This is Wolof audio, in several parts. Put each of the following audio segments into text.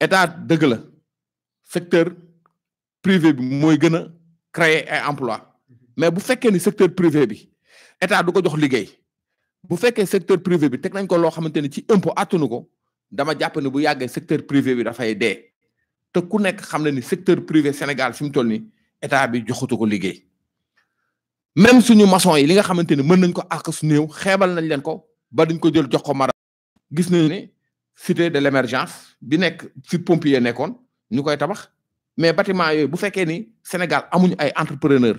état dëgg la secteur privé bi mooy gën a créer ay emploi mais bu fekkee ni secteur privé bi état du ko jox liggéey bu fekkee secteur privé bi teg nañ ko loo xamante ni ci impôt attanu ko dama jàpp ne bu yàggee secteur privé bi dafay dee te ku nekk xam na ni secteur privé Sénégal fi mu toll ni état bi joxutu ko liggéey même suñu maçon yi li nga xamante ni mën nañ ko ak su néew xeebal nañ leen ko ba duñ ko jël jox ko mara gis nañu ne cité de l'émergence bi nekk fi pompier nekkoon ñu koy tabax mais bâtiment yooyu bu fekkee ni Sénégal amuñu ay entrepreneur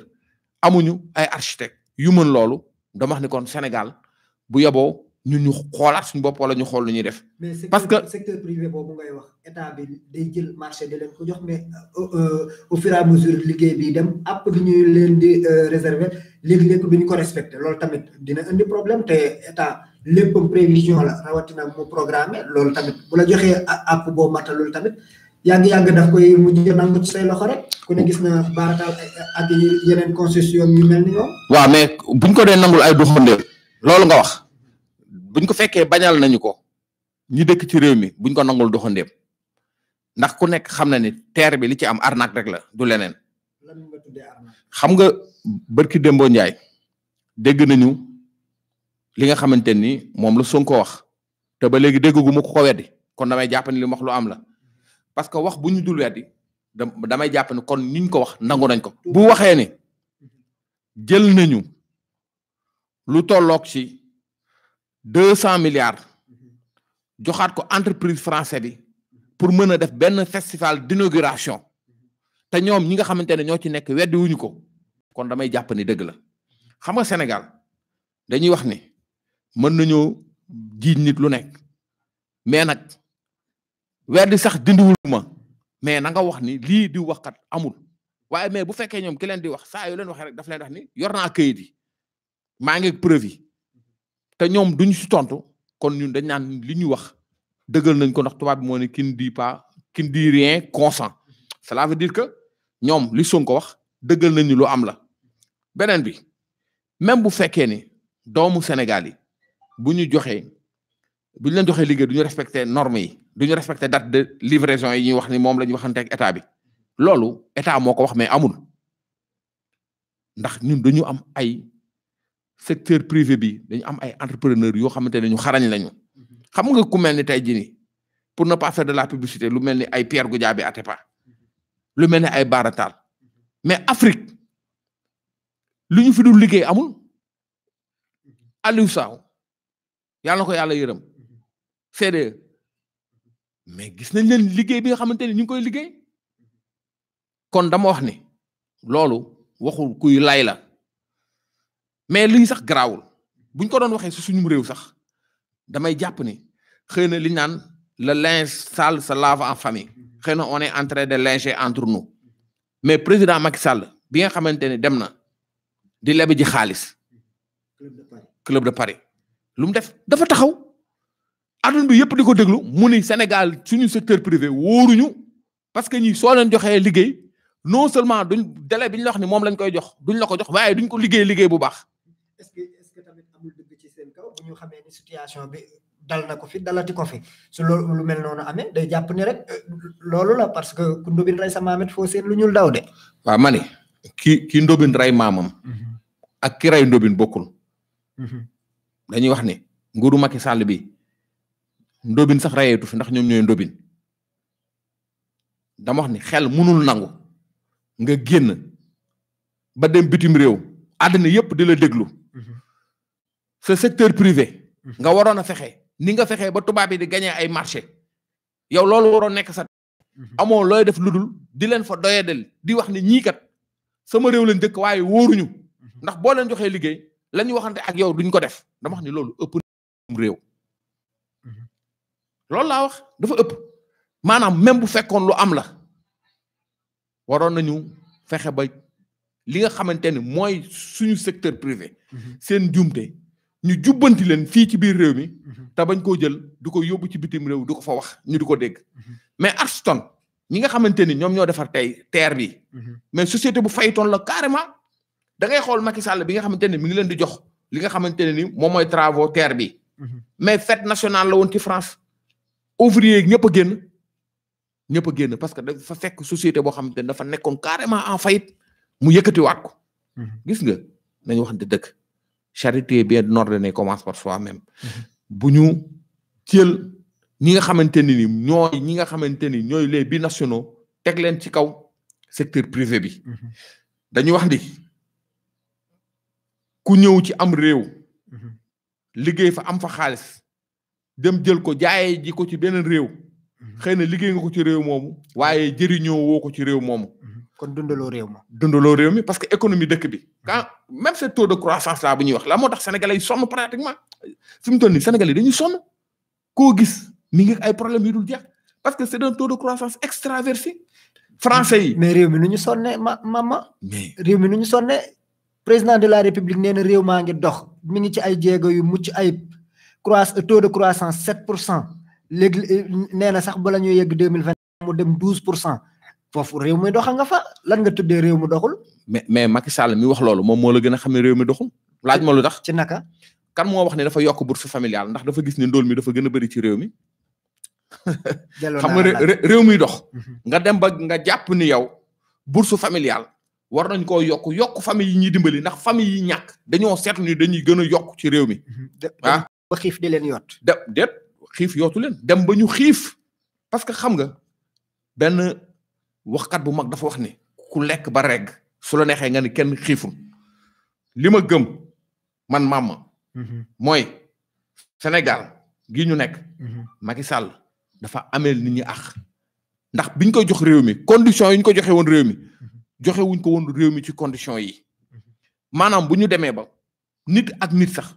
amuñu ay architecte yu mën loolu dama wax ni kon Sénégal bu yeboo ñun ñu xoolaat suñu bopp wala ñu xool lu ñuy def. parce que secteur privé boobu ngay wax état bi day jël marché di leen ko jox mais euh, euh, au fur mesure liggéey bi dem app bi ñuy leen di euh, réserver léegi ñu ko respecté loolu tamit dina indi problème te état. lépp prévision la rawatina mu programme loolu tamit bu la joxee app boo matalul tamit yàgg-yàgg daf koy mujj nangu ci say loxo rek gis na baarataal ak yeneen concession yu mel ni ñoom. waaw mais buñ ko dee nangul ay doxandéem loolu nga wax buñ ko fekkee bañal nañu ko ñi dëkk ci réew mi buñ ko nangul doxandéem ndax ku nekk xam na nit terre bi li ci am arnaque rek la du leneen. lan nga tuddee arnaque. xam nga barki Dembo Ndiaye dégg nañu. li nga xamante ni moom la Sonko wax te ba léegi dégg gu mu ko weddi kon damay jàpp ni li wax lu am la parce que wax bu ñu dul weddi damay jàpp ni kon niñ ko wax nangu nañ ko. bu waxee ni jël nañu lu tolloog ci deux cent milliards joxaat ko entreprise français bi pour mën a def benn festival d'inauguration te ñoom ñi nga xamante ne ñoo ci nekk weddi wuñu ko kon damay jàpp ni dëgg la xam nga Sénégal dañuy wax ni. mën nañoo jiiñ nit lu nekk mais nag weer di sax dindiwul ma mais na nga wax ni lii di wax kat amul waaye mais bu fekkee ñoom ki leen di wax saa yu leen waxee rek daf leen wax ni yor naa kayit yi maa ngi preuve te ñoom duñ si tontu kon ñun dañ naan li ñu wax dëggal nañ ko ndax tubaab bi moo ne qui ne dit pas qui ne rien consent cela veut dire que ñoom li Sonko wax dëggal nañu lu am la beneen bi même bu fekkee ni doomu Sénégal yi bu ñu joxee bu ñu leen joxee liggéey du ñu respecté normes yi du ñu respecté date de livraison yi ñuy wax ni moom la ñu waxante ak état bi loolu état moo ko wax mais amul ndax ñun dañu am ay secteur privé bi dañu am ay entrepreneur yoo xamante ne ñu xarañ lañu xam nga ku mel ni tey jii nii pour ne pas faire de la publicité lu mel ni ay Pierre Goudiaby Atepa lu mel ni ay Baratal mais Afrique lu ñu fi dul liggéey amul Aliou Sow yàlla na ko yàlla yërëm CDE mais gis nañ leen liggéey bi nga xamante ni ñu ngi koy liggéey kon dama wax ni loolu waxul kuy lay la mais lii sax garaawul buñ ko doon waxee su suñu réew sax damay jàpp ni xëy na li ñu naan le linge sale se lave en famille xëy na on est en de linger entre nous mais président Macky Sall bi nga xamante ne dem na di lebi ji xaalis club de Paris club de Paris lu mu def dafa taxaw adduna bi yëpp di ko déglu mu ni Sénégal suñu secteur privé ñu parce que ñi soo leen joxee liggéey non seulement duñ délai bi ñu la wax ni moom lañ koy jox duñ la ko jox waaye duñ ko liggéey liggéey bu baax. est-ce que est-ce que ci seen kaw bu ñu xamee situation bi dal na ko fi dalati ko fi su lu mel noonu amee day jàpp ni rek euh, loolu la parce que ku ndóbin rey sa maamet foo seen lu ñuul daw de. waa ma ne ki ki rey maamam. Mm-hmm. ak ki rey bokkul. Mm-hmm. dañuy wax ne nguuru Macky Sall bi ndóbin sax rayeetu fi ndax ñoom ñooy ndóbin dama wax xel munul nangu nga génn ba dem bitim réew àddina yépp di la déglu mhm. sa secteur privé mhm. nga waroon a fexe ni nga fexe ba tubaab yi di gagné ay marché yow loolu waroon nekk sa mhm. amoo looy def ludul di leen fa doyadel di wax ne ñii kat sama réew leen dëkk waaye wóoruñu ndax boo leen joxee liggéey la ñu waxante ak yow duñ ko def dama wax ni loolu ëpp réew mhm. loolu laa wax dafa ëpp maanaam même bu fekkoon lu am la waroon nañu fexe ba li nga xamante ni mooy suñu secteur privé mhm. seen jumte ñu jubbanti leen fii ci biir réew mi mhm. te bañ koo jël du ko yóbbu ci bitim réew du ko fa wax ñu di ko dégg mais Alstom ñi nga xamante ni ñoom ñoo defar tey teer bi mais société bu faytoon la carrément da ngay xool Macky Sall bi nga xamante ne ngi leen di jox li nga xamante ne ni moom mooy travaux terre bi. Mhm. mais fête nationale la woon ci France. ouvrier yi ñëpp a génn ñëpp génn parce que dafa fekk société boo xamante ne dafa nekkoon carrément en faillite mu yëkkatiwaat ko. Mhm. gis nga nañu waxante dëkk. charité bien ne commence par soi-même. Mhm. bu ñu jël ñi nga xamante ne ni ñooy ñi nga xamante ni ñooy les binationaux teg leen ci kaw secteur privé bi. dañuy wax ku ñëw ci am réew mhm. liggéey fa am fa xaalis dem jël ko jaayee ji ko ci beneen réew mhm. xëy na liggéey nga ko ci réew moomu waaye jëriñoo woo ko ci réew moomu mhm. kon dundaloo réew ma dundaloo réew mi parce que économie dëkk bi quand même ce taux de croissance là bu ñuy wax la moo tax sénégalais yi sonn pratiquement fi mu toll nii sénégalais yi dañuy sonn koo gis mi ngi ay problème yu dul parce que c'est un taux de croissance extraversé français yi mais réew mi nu ñu sonne ma mama réew mi nu ñu sonne président de la république nee na réew maa ngi dox mi ngi ci ay jéego yu mucc ayib croiss euh, taux de croissance 7 pour cent léegi euh, nee na sax bala ñuy yegg 2020 mu dem 12 pour cent foofu réew mi doxa nga fa lan nga tuddee réew mi doxul. mais mais Macky Sall mi wax loolu moom moo la gën a xam réew mi doxul. laaj ma lu tax ci naka. kan moo wax ne dafa yokk bourse familiale ndax dafa gis ne ndóol mi dafa gën a bëri ci réew mi. xam nga réew mi dox. Mhm. nga dem ba nga jàpp ni yow bourse familiale. war nañ koo yokk yokk famille yi ñuy dimbali ndax famille yi ñàkk dañoo seet ni dañuy gën a yokk ci réew mi. Mhm. ah ba xiif di leen yott. de déet xiif yootu leen dem ba ñu xiif parce que xam nga benn waxkat bu mag dafa wax ni ku lekk ba regg su la neexee nga ni kenn xiiful li ma gëm man maam mhm. mooy Sénégal gi ñu nekk. Mhm. Macky Sall dafa ameel nit ñi ax ndax biñ koy jox réew mi condition yi ñu ko joxe woon réew mi. joxe ko woon réew mi ci condition yi mhm. maanaam bu ñu demee ba nit ak nit sax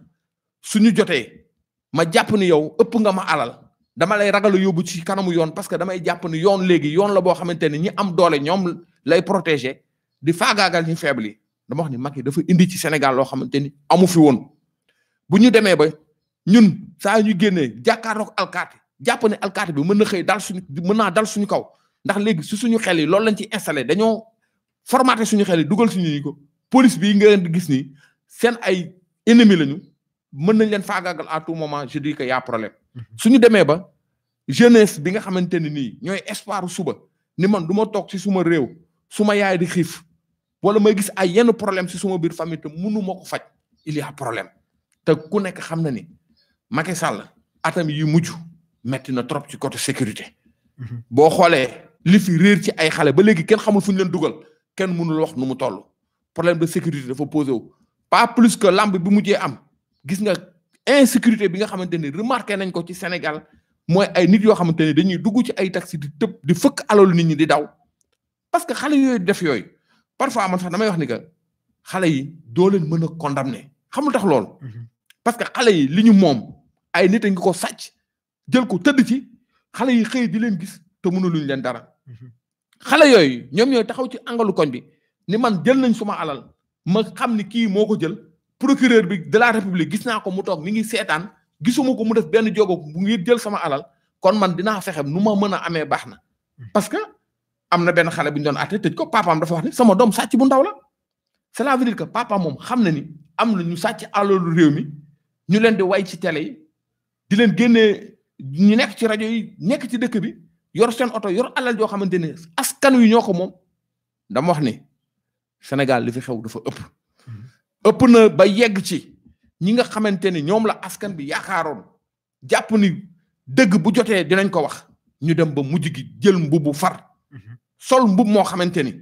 ñu jotee ma jàpp ni yow ëpp nga ma alal dama lay ragal yóbbu ci kanamu yoon parce que damay jàpp ni yoon léegi yoon la boo xamante ne ñi doole ñoom lay protéger di faagaagal ñu faible yi dama wax ni Macky dafa indi ci Sénégal loo xamante ni amu fi woon bu ñu demee ba ñun saa ñu génnee jàkkaarook alkaati jàpp ne alkaati bi mën na xëy dal suñu mën naa dal suñu kaw ndax léegi su suñu xel yi loolu lañ ci installé dañoo formaté suñu xel dugal suñu ni ko police bi nga gis nii seen ay ennemi lañu mën nañ leen faagaagal à tout moment je dis que y problème mhm. suñu demee ba jeunesse bi nga xamante ne nii ñooy espoir suba ni man duma toog ci suma réew suma yaay di xiif wala may gis ay yenn problème si suma biir famille te mënu ma ko faj il y problème te ku nekk xam na ni Macky Sall atam yi mujj metti na trop ci côté sécurité mhm. boo xoolee li fi réer ci ay xale ba léegi kenn xamul fu ñu leen dugal kenn mënul wax nu mu toll problème de sécurité dafa posé wu pas plus que lamb bi mujjee am gis nga insécurité bi nga xamante ni remarqué nañ ko ci Sénégal mooy ay nit yoo xamante ni dañuy dugg ci ay taxi di tëb di fëkk alalu nit ñi di daw parce que xale yooyu def yooyu parfois man sax damay wax ni que xale yi doo leen mën a condamner xamul tax loolu mhm. parce que xale yi li ñu moom ay nit a ngi ko sàcc jël ko tëdd ci xale yi xëy di leen gis te mënuluñ leen dara mhm. xale yooyu ñoom ñooy taxaw ci angalu koñ bi ni man jël nañ suma alal ma xam ni kii moo ko jël procureur bi de la république gis naa ko mu toog mi ngi seetaan gisuma ko mu def benn jogo mu ngir jël sama alal kon man dinaa fexe nu ma mën a amee baax na parce que am na benn xale bu ñu doon àtte tëj ko papaam dafa wax ni sama doom sàcc bu ndaw la cela que papa moom xam na ni am na ñu sàcc alalu réew mi ñu leen di way ci télé yi di leen génne ñu nekk ci rajo yi nekk ci dëkk bi yor seen oto yor alal joo xamante ne askan wi ñoo ko moom dama wax ni Sénégal li fi xew dafa ëpp. ëpp na ba yegg ci ñi nga xamante ni ñoom la askan bi yaakaaroon jàpp ni dëgg bu jotee dinañ ko wax ñu dem ba mujj gi jël mbubu far. Mhm. sol mbub moo xamante ni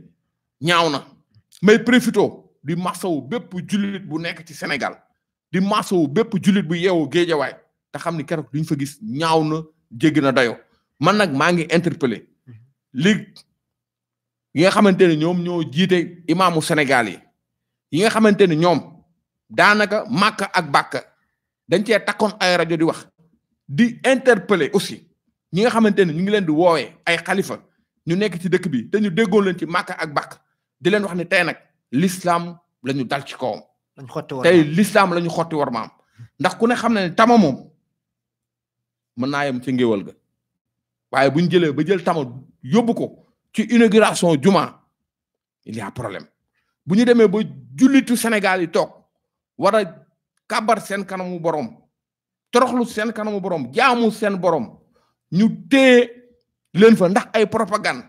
ñaaw na. may profito di wu bépp jullit bu nekk ci Sénégal di wu bépp jullit bu yeewoo géejawaay te xam ni keroog duñ fa gis ñaaw na jéggi na dayoo. man nag maa ngi interpellé ligue yi nga xamante ne ñoom ñoo jiite imaamu Sénégal yi yi nga xamante ne ñoom daanaka màkk ak bàkk dañ cee takkoon ay rajo di wax di interpellé aussi ñi nga xamante ni ñu ngi leen di woowee ay xalifa ñu nekk ci dëkk bi te ñu déggoon leen ci màkk ak bàkk di leen wax ne tey nag l'islam la ñu dal ci kawam tey l'islam la ñu xotti war maam ndax ku ne xam na ne tama moom mën naa yem ci ngéwal ga waaye bu ñu jëlee ba jël tama yóbbu ko ci inauguration juma il y problème bu ñu demee ba jullitu Sénégal yi toog wara a kàbbar seen kanamu borom toroxlu seen kanamu borom jaamu seen borom ñu tee leen fa ndax ay propagande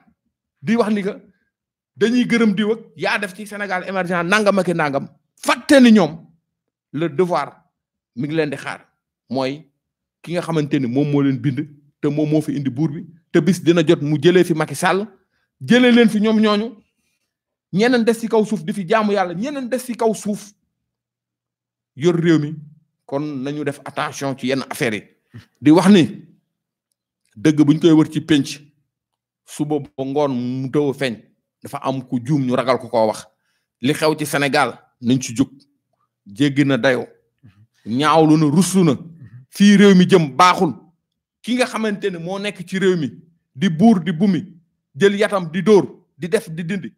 di wax ni que dañuy gërëm di wëg yaa def ci Sénégal émergent nangam ak nangam fàtte ni ñoom le devoir mi ngi leen di xaar mooy ki nga xamante ni moom moo leen bind. te moom moo fi indi buur bi te bis dina jot mu jëlee fi Macky Sall jëlee leen fi ñoom ñooñu ñeneen des ci kaw suuf di fi jaamu yàlla ñeneen des ci kaw suuf yor réew mi kon nañu def attention ci yenn affaires yi. di wax ni dëgg buñ koy wër ci penc suba ba ngoon mu taw feeñ dafa am ku juum ñu ragal ko koo wax li xew ci senegal nañ ci jóg jéggi na dayoo mhm. ñaawlu na ruslu na mhm. fii réew mi jëm baaxul. ki nga xamante ne moo nekk ci réew mi di buur di bumi jël yatam di dóor di def di dindi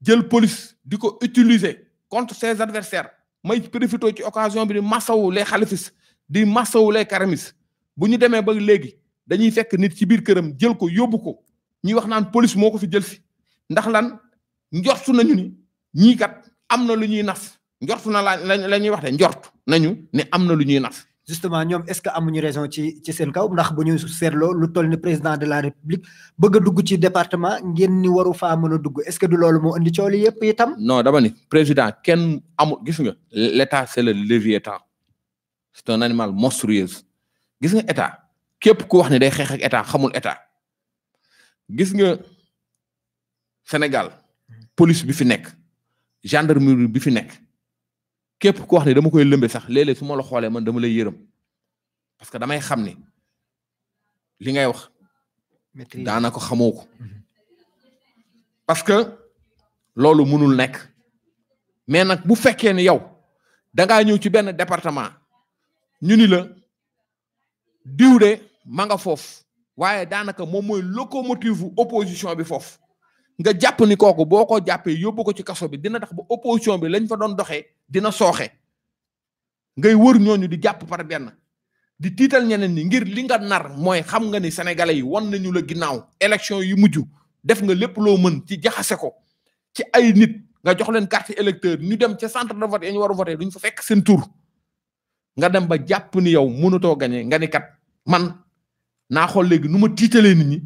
jël police di ko utiliser contre ses adversaires may profité ci occasion bi di massawu les xalifis di massawu les karamis bu ñu demee ba léegi dañuy fekk nit ci biir këram jël ko yóbbu ko ñuy wax naan police moo ko fi jël si ndax lan njortu nañu ni ñii kat am na lu ñuy nas njortu na la la ñuy wax de njort nañu ne am na lu ñuy nas justement ñoom est-ce que amuñu raison ci ci seen kaw ndax bu ñu seetloo lu toll ni président de la république bëgg a dugg ci département ngeen ni waru faa mën a dugg est-ce que du loolu moo indi coow li yëpp itam. non dama ni président kenn amul gis nga l'État c'est le léviathan c'est un animal monstrueux gis nga État képp ku wax ne day xeex État xamul État gis nga Sénégal police bi fi nekk gendarmerie bi fi nekk. képp ku wax ne dama koy lëmbe sax léeg suma su la xoolee man dama lay yërëm parce que damay xam ni li ngay wax daanaka xamoo ko mhm. parce que loolu mënul nekk mais nag bu fekkee ne yow dangaa ñëw ci benn département ñu ni la diw de ma nga foofu waaye daanaka moom mooy locomotive opposition bi foofu nga jàpp ni kooku boo ko jàppee yóbbu ko ci kaso bi dina tax ba opposition bi lañ fa doon doxee dina sooxe ngay wër ñooñu di jàpp par benn di tiital ñeneen ni ngir li nga nar mooy xam nga ni sénégalais yi wan nañu la ginnaaw élection yu mujj def nga lépp loo mën ci jaxase ko ci ay nit nga jox leen carte électeur ñu dem ca centre de vote ya ñu war a voté duñ fa fekk seen nga dem ba jàpp ni yow mënutoo gañe nga ni kat man naa xool léegi nu ma tiitalee nit ñi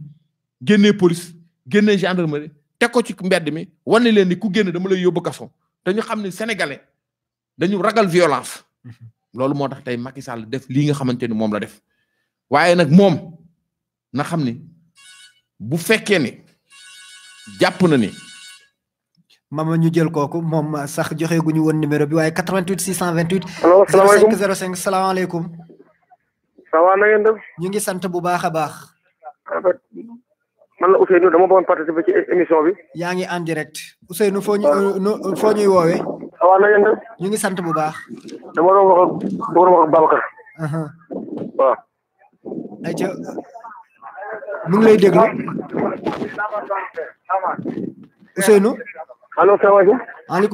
génnee police génnee gendarmerie teg ko ci mbedd mi wane leen ni ku génn dama lay yóbbu kaso te ñu xam ne sénégalais dañu ragal violence loolu moo tax tey Macky Sall def lii nga xamante ni moom la def waaye nag moom na xam ni bu fekkee ni jàpp na ni. mama ñu jël kooku moom sax joxe gu ñu woon numéro bi waaye 88 628. allo salaamaaleykum 05 05 salaamaaleykum. ça va ñu ngi sant bu baax a baax. man la Ousseynou dama bëggoon participer ci émission bi. yaa ngi en direct Ousseynou foo ñu euh, foo ñuy woowee. waaw na ngeen ñu ngi sant bu baax. dama doon wax ak dama doon mu uh-huh. ngi lay déglu. Ousseynou. allo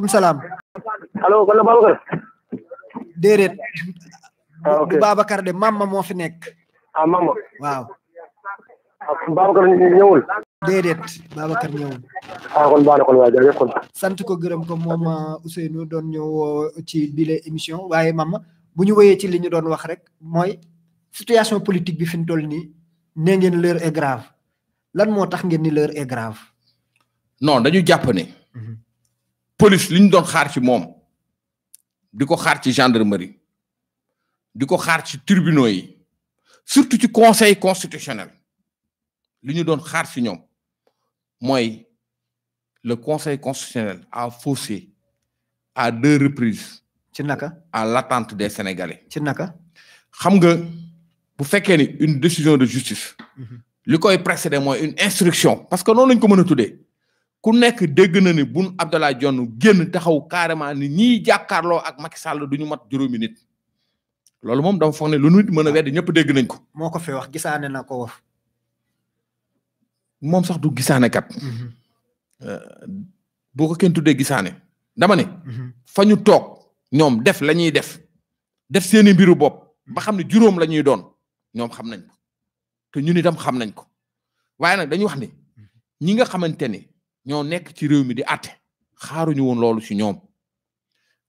salaam. allo kon la Babacar. déedéet. ah ok bu de Mama moo fi nekk. ah Mama waaw. Ah, Babacar ñëwul. déedéet Babacar ñëwul. Ah, sant ko gërëm ko moom ah, Ousseynou doon ñëw ci bile émission waaye mama bu ñu woyee ci li ñu doon wax rek mooy situation politique bi fi mu toll nii nee ngeen l'heure est grave lan moo tax ngeen ni l'heure est grave. non dañu jàpp ne. Mhm. police li ñu doon xaar ci moom. di ko xaar ci gendarmerie. di ko xaar ci tribunaux yi. surtout ci conseil constitutionnel. li ñu doon xaar si ñoom mooy le conseil constitutionnel a faussé à deux reprises. ci naka à l'attente de sénégalais. ci naka xam nga bu fekkee ni une décision de justice. Mhm. li koy précédé mooy une instruction. parce que noonu lañ ko mën a tuddee ku nekk dégg na ni Boun Abdallah Dionne génn taxaw carrément ni ñiy jàkkaarloo ak Macky Sall du ñu mat juróomi nit. loolu moom dama foog ne lu nit mën a ñëpp dégg nañ ko. moo ko fi wax gisaane na ko wax. moom sax du gisaane kat. Mhm. Euh, boo ko kenn tuddee gisaane dama ne. Mhm. fa ñu toog ñoom def la ñuy def def seeni mbiru bopp ba xam ne juróom la ñuy doon ñoom xam nañ ko te ñun itam xam nañ ko waaye nag dañu wax ni ñi nga xamante ni ñoo nekk ci réew mi di àtte xaaruñu woon loolu si ñoom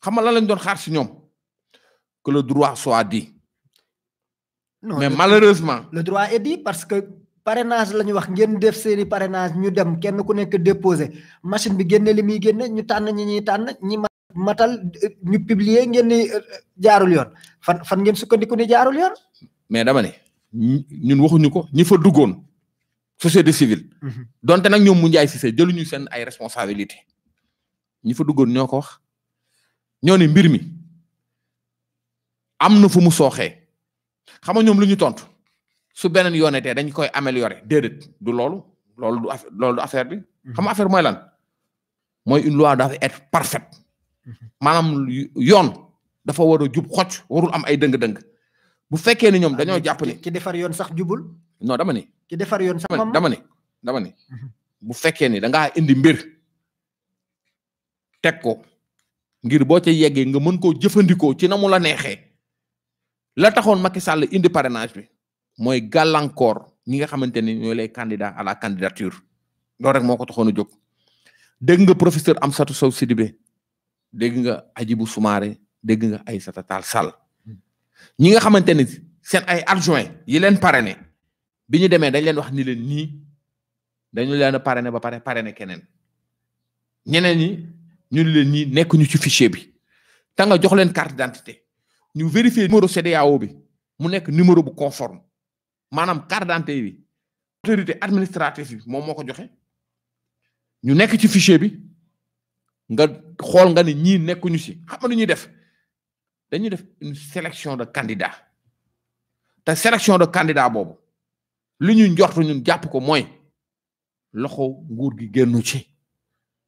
xam nga lan lañ doon xaar si ñoom que le droit soit dit. mais malheureusement. le droit est parce que. parrainage la ñu wax ngeen def seeni parrainage ñu dem kenn ku nekk déposé machine bi génne li muy génne ñu tànn ñi ñuy tànn ñi matal ñu publier ngeen ni euh, jaarul yoon fan fan ngeen sukkandiku ni jaarul yoon. mais dama ne ñun waxuñu ko ñi fa duggoon société civile. Mhm. donte nag ñoom mu njaay si jëluñu seen ay responsabilité ñi fa duggoon ñoo ko wax ñoo ne mbir mi am na fu mu sooxee xam nga ñoom lu ñu tontu. su beneen yoonetee dañ koy améliorer déedéet du loolu loolu du affaire loolu du affaire bi. Mhm. xam affaire mooy lan mooy une loi dafa être parfaite mhm. maanaam yoon dafa war a jub xocc warul am ay dëng-dëng bu fekkee ni ñoom ah, dañoo jàpp ni. ki defar yoon sax jubul. non dama ni. ki defar yoon sax dama dama ni mhm. bu fekkee ni da indi mbir teg ko ngir boo ca yeggee nga mën koo jëfandikoo ci na mu la neexee la taxoon Macky Sall indi parrainage bi. mooy gàllankoor ñi nga xamante ni ñooy les candidats à la candidature loolu rek moo ko taxoon a jóg dégg nga professeur Amsatou Sow Sidibé dégg nga ajibu Soumaré dégg nga Aïssata Tall Sall ñi nga xamante ni seen ay adjoint yi leen parrainé bi ñu demee dañ leen wax ni leen nii dañu leen a parrainé ba pare parrainé keneen ñeneen ñi ñu ni leen nii nekkuñu ci fichier bi te nga jox leen carte d'identité ñu vérifier numéro CEDEAO bi mu nekk numéro bu conforme maanaam carte d'identité bi autorité administrative bi moom moo ko joxe ñu nekk ci fichier bi nga xool nga ni ñii nekkuñu si xam nga lu ñuy def dañuy def une sélection de candidats te sélection de candidats boobu li ñu njortu ñu jàpp ko mooy loxo nguur gi génnu ci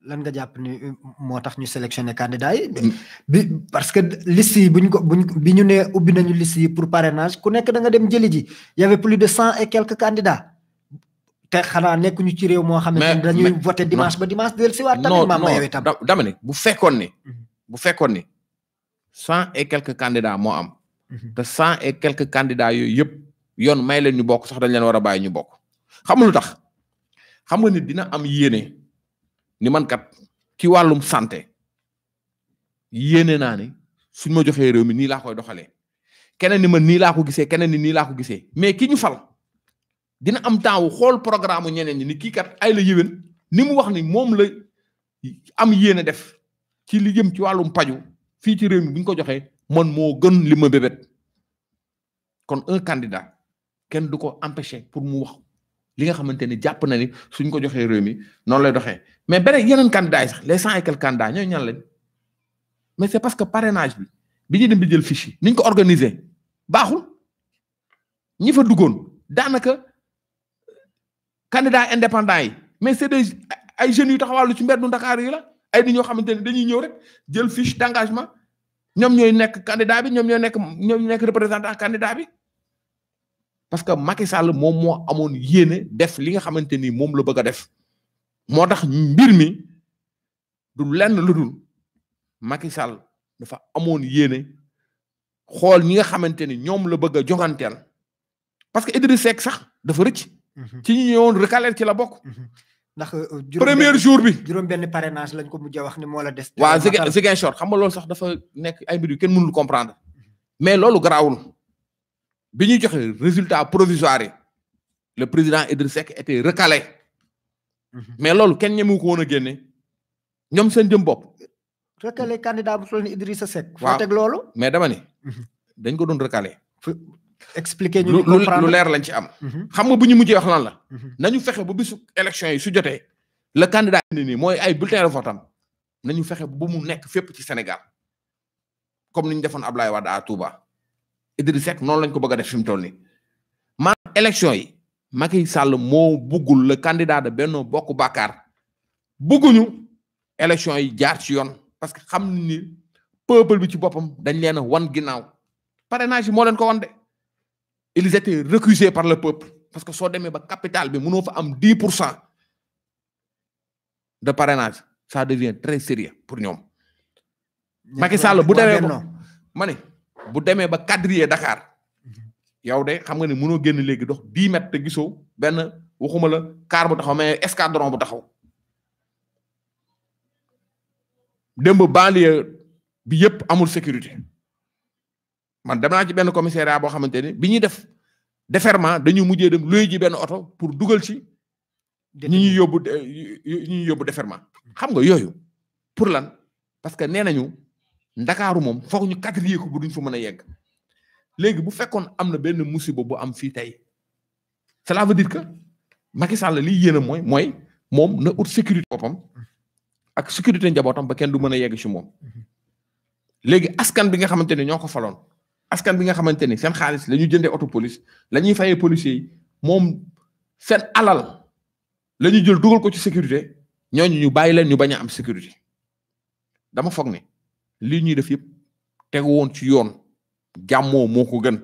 lan nga jàpp ni euh, moo tax ñu sélectionné candidat yi. Mm. bi parce que liste yi bu ñu ko buñ bi ñu nee ubbi nañu liste yi pour parrainage ku nekk da nga dem jëli ji y avait plus de cent et quelques candidats. te xanaa nekkuñu ci réew moo xam ne dañuy voté dimanche ba dimanche del si waat tamit maam yow itam dama bu fekkoon ni mm-hmm. bu fekkoon ni cent et quelques candidats moo am mm-hmm. te cent et quelques candidats yooyu yëpp yoon may leen ñu bokk sax dañ leen war a bàyyi ñu bokk xam lu tax xam nga nit dina am yéene ni man kat ci wàllum sante yéene naa ni suñ ma joxee réew mi nii laa koy doxalee keneen ni man nii laa ko gisee keneen ni nii laa ko gisee mais ki ñu fal dina am temps wu xool programme mu ñeneen ñi ni kii kat ay la yéwén ni mu wax ni moom la am yéene def ci li jëm ci wàllum paju fii ci réew mi bu ko joxe man moo gën li ma bébét kon un candidat kenn du ko empêcher pour mu wax li nga xamante ni jàpp na ni suñ ko joxee réew mi noonu lay doxee mais beneen yeneen candidats sax les cent et quelques candidats ñooy ñan lañ mais c'est parce que parrainage bi bi ñu dem di jël fiche niñ ni ko organiser baaxul ñi fa duggoon daanaka candidats indépendants yi mais c'est des ay jeunes yu taxawal ci mbernu ndakar yi la ay nit ñoo xamante ne dañuy ñëw rek jël fiche d'engagement ñoom ñooy nekk candidat bi ñoom ñooy nekk ñoom ñooy nekk représentant candidat bi parce que Macky moom moo amoon yéene def li nga xamante ni moom la bëgg a def. moo tax mbir mi du lenn lu dul Macky Sall dafa amoon yéene xool ñi nga xamante ni ñoom la bëgg a jonganteel parce que Idriss Seck sax dafa rëcc. Mhm. ci ñi ñëwoon recalé ci la bokk. Mhm. ndax euh, premier jour bi juróom benn parrainage lañ ko mujj a wax ni moo la des. waaw Ziguinchor xam nga loolu sax dafa nek ay mbir yu kenn mënul comprendre. mais loolu garaawul bi ñuy joxe résultat provisoire yi le président Idriss Seck était Mhm. mais loolu kenn ñemewu ko woon a génne ñoom seen jëm bopp. recalé mhm. candidat bu toll ni Idrissa Seck. waaw teg loolu. mais dama mhm. dañ ko doon recalé. expliquer ñu comprendre lu leer lañ ci am. xam nga bu ñu mujjee wax lan la. nañu fexe ba bisu élection yi su jotee. le candidat ni nii mooy ay bulletin de vote am nañu fexe ba mu nekk fépp ci Sénégal comme ni ñu defoon Ablaye Wade à Touba Idrissa Seck noonu lañ ko bëgg a def fi mu toll nii maanaam élection yi. Macky Sall moo buggul le candidat de Benno Bokk bakkaar bugguñu élection yi jaar ci yoon parce que xam ni peuple bi ci boppam dañ leen wan ginnaaw parrainage yi moo leen ko wan de ils étaient recusés par le peuple parce que soo demee ba capital bi mënoo fa am dix pour cent de parrainage ça devient très sérieux pour ñoom Macky Sall bu demee ba ma ne bu demee ba quadriller Dakar yow de xam nga ne munoo génn léegi dox 10 mètres te gisoo benn waxuma la car bu taxaw mais escadron bu taxaw démb banlieue bi yëpp amul sécurité man dem naa ci benn commissariat boo xamante ne bi ñuy def déferment dañu mujjee dem luy benn oto pour dugal ci ñi ñuy yóbbu ñi ñuy yóbbu xam nga yooyu pour lan parce que nee nañu ndakaaru moom foog ñu quadriller ko bu duñ fa mën a yegg léegi bu fekkoon am na benn musiba bu am fii tey cela veut dire que Macky Sall li yéen a mooy mooy moom na ut sécurité boppam ak sécurité njabootam ba kenn du mën a yegg ci moom léegi askan bi nga xamante ne ñoo ko faloon askan bi nga xamante ni seen xaalis lañu ñuy oto auto police la fayee policiers yi moom seen alal lañu jël dugal ko ci sécurité ñooñu ñu bàyyi leen ñu bañ a am sécurité dama foog ne lii ñuy def yëpp tegu woon ci yoon. gàmmoo moo ko gën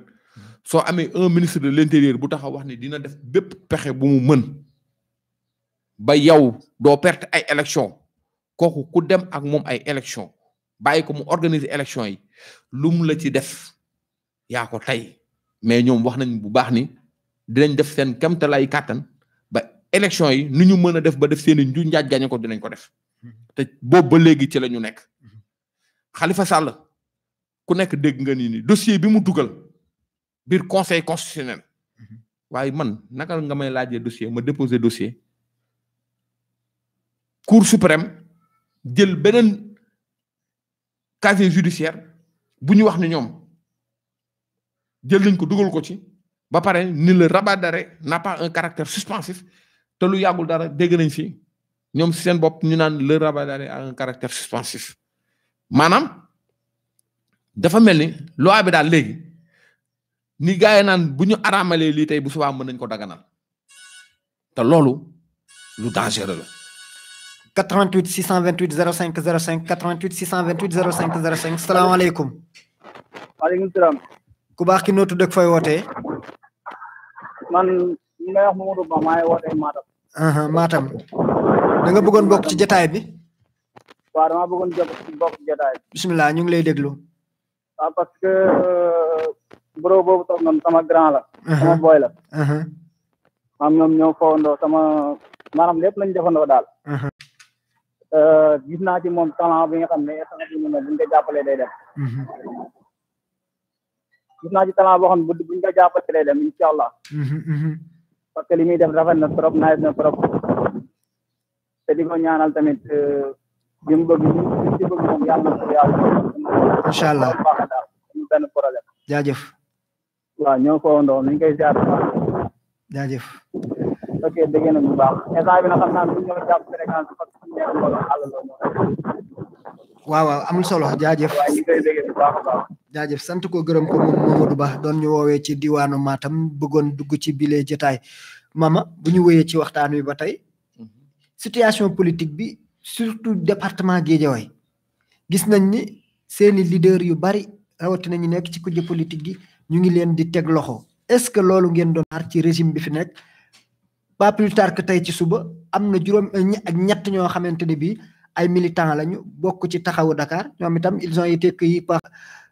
soo amee un ministre de l'intérieur bu taxaw wax ni dina def bépp pexe bu mu mën ba yow doo perte ay élection kooku ku dem ak moom ay élection bàyyi ko mu organiser élection yi lu la ci def yaa ko tey mais ñoom wax nañ bu baax ni dinañ def seen kamtalay kàttan ba élection yi nu ñu mën a def ba def seen i nju njaaj gañe ko dinañ ko def mm-hmm. te boobu ba léegi ci la ñu nekk mm-hmm. Khalifa Sall ku nekk dégg nga ni ni dossier bi mu dugal biir conseil constitutionnel mhm. waaye man naka nga may laajee dossier ma déposer dossier cour suprême jël beneen casier judiciaire bu ñu wax ni ñoom jël nañ ko dugal ko ci ba pare ni la rabat d'arrêt n'a pas un caractère suspensif te lu yàggul dara dégg nañ fi ñoom seen bopp ñu naan le rabat d'arrêt a un caractère suspensif maanaam dafa mel ni loi bi daal léegi ni gars yi naan bu ñu araamalee lii tey bu subaa mën nañ ko daganal te loolu lu dangereux la. 88 628 05 05 88 628 05 05 salaamaaleykum. maaleykum salaam. ku baax ki nootu tudd ak fooy man li may wax Mamadou Ba maa ngi wootee Matam. Matam da nga bëggoon bokk ci jotaay bi. waaw dama bëggoon bokk ci jotaay bi. bisimilah ñu ngi lay déglu. waaw ah, parce que euh, bro boobu toog noonu sama grand la. Uh-huh. sama boy la. Uh-huh. maam ñoom ñoo fowandoo sama maanaam lépp lañ defandoo daal. Uh-huh. Euh, gis naa ci moom talent binga nga xam ne xanaa fi mu day dem. gis naa ci talent boo xam ne buñ ko jàppalee day dem incha allah. parce que li muy def rafet na trop naaj na trop. te ko ñaanal tamit. Euh, li allah jaajëf waaw ko koy ziar waaw amul solo jaajëf ñu jaajëf sant ko gërëm ko moom Mamadou Ba doon ñu woowee ci diwaanu Matam bëggoon dugg ci bile jotaay mama bu ñu wéyee ci waxtaan wi ba tey situation politique bi surtout département Guédiawaye gis nañ ni seeni leader yu bari rawatina ñu nekk ci kujje politique gi ñu ngi leen di teg loxo est-ce que loolu ngeen doon xaar ci régime bi fi nekk pas plus tard que tey ci suba am na juróom eh, ak ñett ñoo xamante ne bi ay militants lañu bokk ci taxawu Dakar ñoom itam ils ont été cueillis par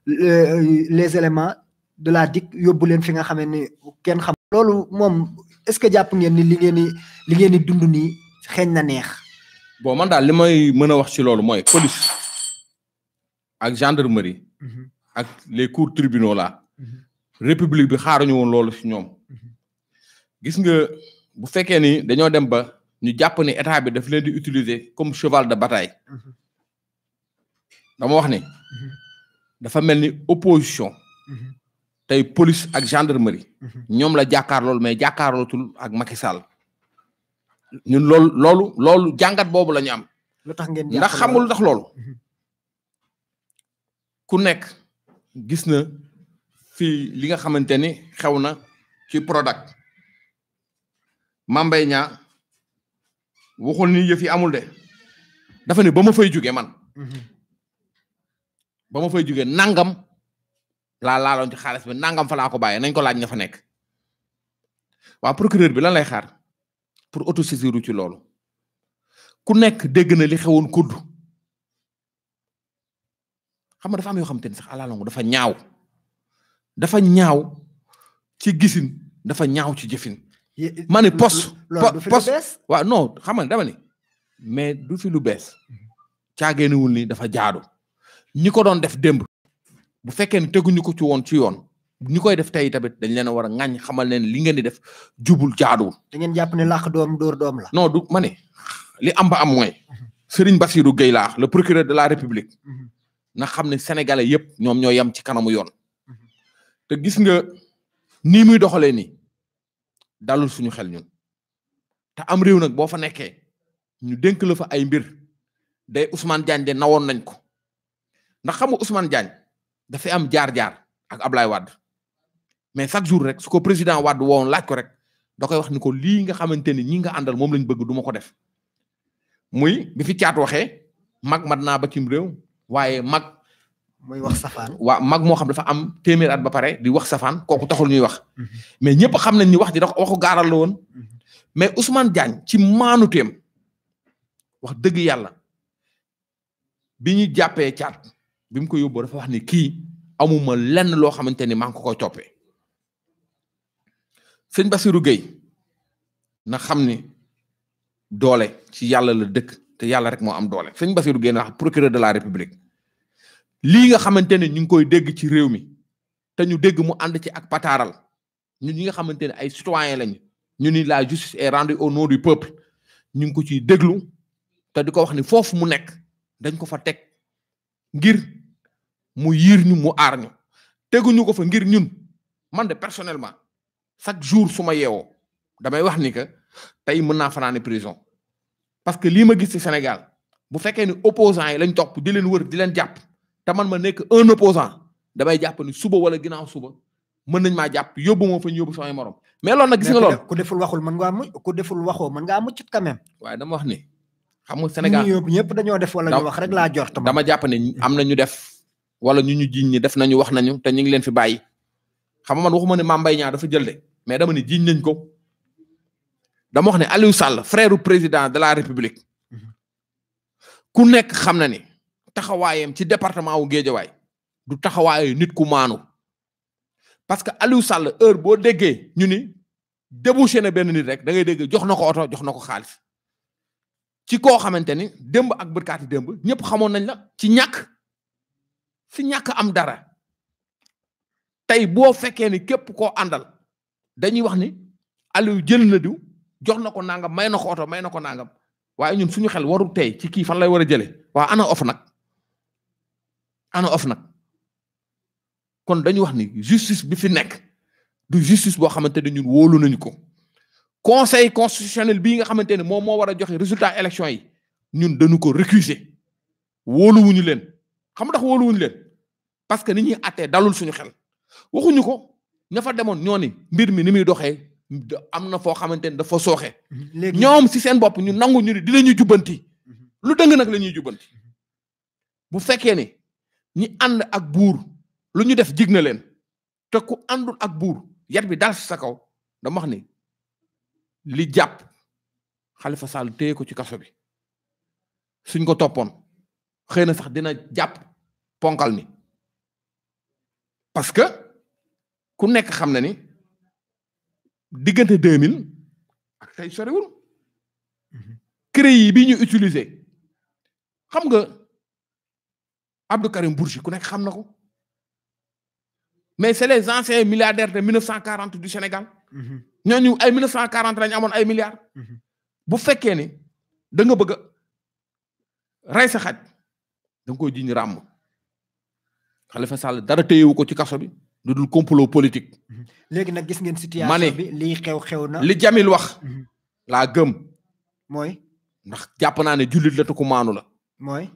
euh, les éléments de la DIC yóbbu leen fi nga xamee ni kenn xam loolu moom est-ce que jàpp ngeen ni li ngeen di li ngeen di dund nii xeeñ na neex. bon man daal li may mën a wax ci loolu mooy police ak gendarmerie. Mhm. ak les cours tribunaux là. Mhm. république bi xaaruñu woon loolu ci ñoom. Mhm. gis nga bu fekkee ni dañoo dem ba ñu jàpp ni état bi daf leen di utiliser comme cheval de bataille dama wax ni dafa mel ni opposition tey police ak gendarmerie ñoom la jàkkaarlool mais jàkkaarlootul ak Macky Sall ñun loolu loolu loolu jàngat boobu la ñu am. lu tax ngeen ndax xamul tax loolu. Mhm. ku nekk gis na fii li nga xamante ni xew na ci Prodac Mambay ñaa waxul ni yëf yi amul de dafa ne ba ma fay jugee man. Mhm. ba ma fay jugee nangam laa laaloon ci xaalis bi nangam fa laa ko bàyyee nañ ko laaj nga fa nekk. waa procureur bi lan lay xaar. pour auto autosaisir ci loolu ku nekk dégg na li xewoon kudd xam nga dafa am yoo xam te ne sax à dafa ñaaw dafa ñaaw ci gisin dafa ñaaw ci jëfin. ma ne poste poste waaw non xam nga dama ni mais du fi lu bees caageenewul ni dafa jaadu ñi ko doon def démb bu fekkee ne teguñu ko ci woon ci yoon. ñi koy def tey tamit dañ leen a war a ŋaññ xamal leen li ngeen di def jubul jaaduwul. da ngeen jàpp ne làq doom dóor doom la. non du ma li am ba am mooy. Serigne Bassirou Gueye la le procureur de la République. Mhm. na xam ne sénégalais yëpp ñoom ñoo yem ci kanamu yoon. Mhm. te gis nga nii muy doxalee nii dalul suñu xel ñun. te am réew nag boo fa nekkee ñu dénk la fa ay mbir day Ousmane Diagne de nawoon nañ ko ndax xam nga Ousmane Diagne dafay am jaar-jaar ak Ablaye Wade. mais chaque jour rek su ko président Wade woowoon laaj ko rek da koy wax ni ko lii nga xamante ni ñi nga àndal moom lañ bëgg du ma ko def muy bi fi caat waxee mag mat naa ba cim réew waaye mag. mooy wax safaan waaw mag moo xam dafa am téeméer at ba pare di wax safaan kooku taxul ñuy wax. Mhm. mais ñëpp xam nañ ni wax ji da waxu gaaral la woon. Mhm. mais Ousmane Diagne ci maanu téem wax dëgg yàlla bi ñu jàppee caat bi mu ko yóbboo dafa wax ni kii amuma lenn loo xamante ni maa ngi ko koy toppee. sëñ Bassirou Gueye na xam ni doole ci yàlla la dëkk te yàlla rek moo am doole sëñ Bassirou Gueye na wax procureur de la république lii nga xamante ne ñu ngi koy dégg ci réew mi te ñu dégg mu ànd ci ak pataral ñun ñi nga xamante ne ay citoyen lañu ñu ni la justice est rendue au nom du peuple ñu ngi ko ciy déglu te di ko wax ni foofu mu nekk dañ ko fa teg ngir mu yiir ñu mu aar ñu teguñu ko fa ngir ñun man de personnellement chaque jour su ma yeewoo damay wax ni que tey mën naa fanaane prison parce que lii ma gis ci Sénégal bu fekkee ni opposants yi lañ topp di leen wër di leen jàpp te man ma nekk un opposant damay jàpp ni suba wala ginnaaw suba mën nañ maa jàpp yóbbu moo fa ñu yóbbu morom mais loolu nag gis nga loolu ku deful waxul mën ngaa mucc ku deful waxoo mën ngaa muccut quand même waaye dama wax ni xam nga Sénégal yóbbu ñëpp dañoo def wala ñu wax rek laa jort dama jàpp ne am na ñu def wala ñu ñu jiñ ni def nañu wax nañu te ñu ngi leen fi bàyyi xam nga man waxuma ne Mame Mbaye dafa jël mais dama ne jiñ nañ ko dama wax ne Aliou Sall frère président de la République ku nekk xam na ni taxawaayam ci département wu Géejawaay du taxawaayu nit ku maanu parce que Aliou Sall heure boo déggee ñu ni débouché na benn nit rek da ngay dégg jox na ko oto jox na ko xaalis ci koo xamante ni démb ak bërkaati démb ñëpp xamoon nañ la ci ñàkk si ñàkk am dara tey boo fekkee ni képp koo àndal dañuy wax ni Aliou jël na diw jox na ko nangam may na ko oto may na ko nangam waaye ñun suñu xel warul tey ci kii fan lay war a jëlee waa ana of nag ana of nag kon dañuy wax ni justice bi fi nekk du justice boo xamante ne ñun wóolu nañu ko conseil bi yi nga xamante ne moom moo war a joxe résultat élection yi ñun dañu ko récuser wóoluwuñu leen xam ndax wóoluwuñu leen parce que ni ñuy atte dalul suñu xel waxuñu ko ña demoon ñoo ni mbir mi ni muy doxee am na foo xamante ni dafa sooxe. léegi ñoom si seen bopp ñu nangu ñu ni di la ñuy jubbanti. Mhm. lu dëng nag la ñuy jubbanti. bu fekkee ni ñi ànd ak buur lu ñu def jig na leen te ku àndul ak buur yat bi daal si sa kaw dama ni li jàpp Khalifa Sall téye ko ci kaso bi suñ ko toppoon xëy na sax dina jàpp ponkal mi parce que. ku nekk xam na ni diggante 2000 ak tey soriwul crédit bi ñu utiliser xam nga Abdou Karim Bourgi ku nekk xam na ko mais c'est les anciens milliardaires de 1940 du Sénégal. ñooñu ay 1940 lañu amoon ay milliards. bu fekkee ne da nga bëgg a rey sa xaj da nga Sall dara téyewu ko ci kaso bi. lu dul complot politique. Mm-hmm. léegi nag gis ngeen situation bi li xew xew na li Jamil wax. Mm-hmm. laa gëm. mooy. ndax jàpp naa ne jullit la te ku maanu la. mooy.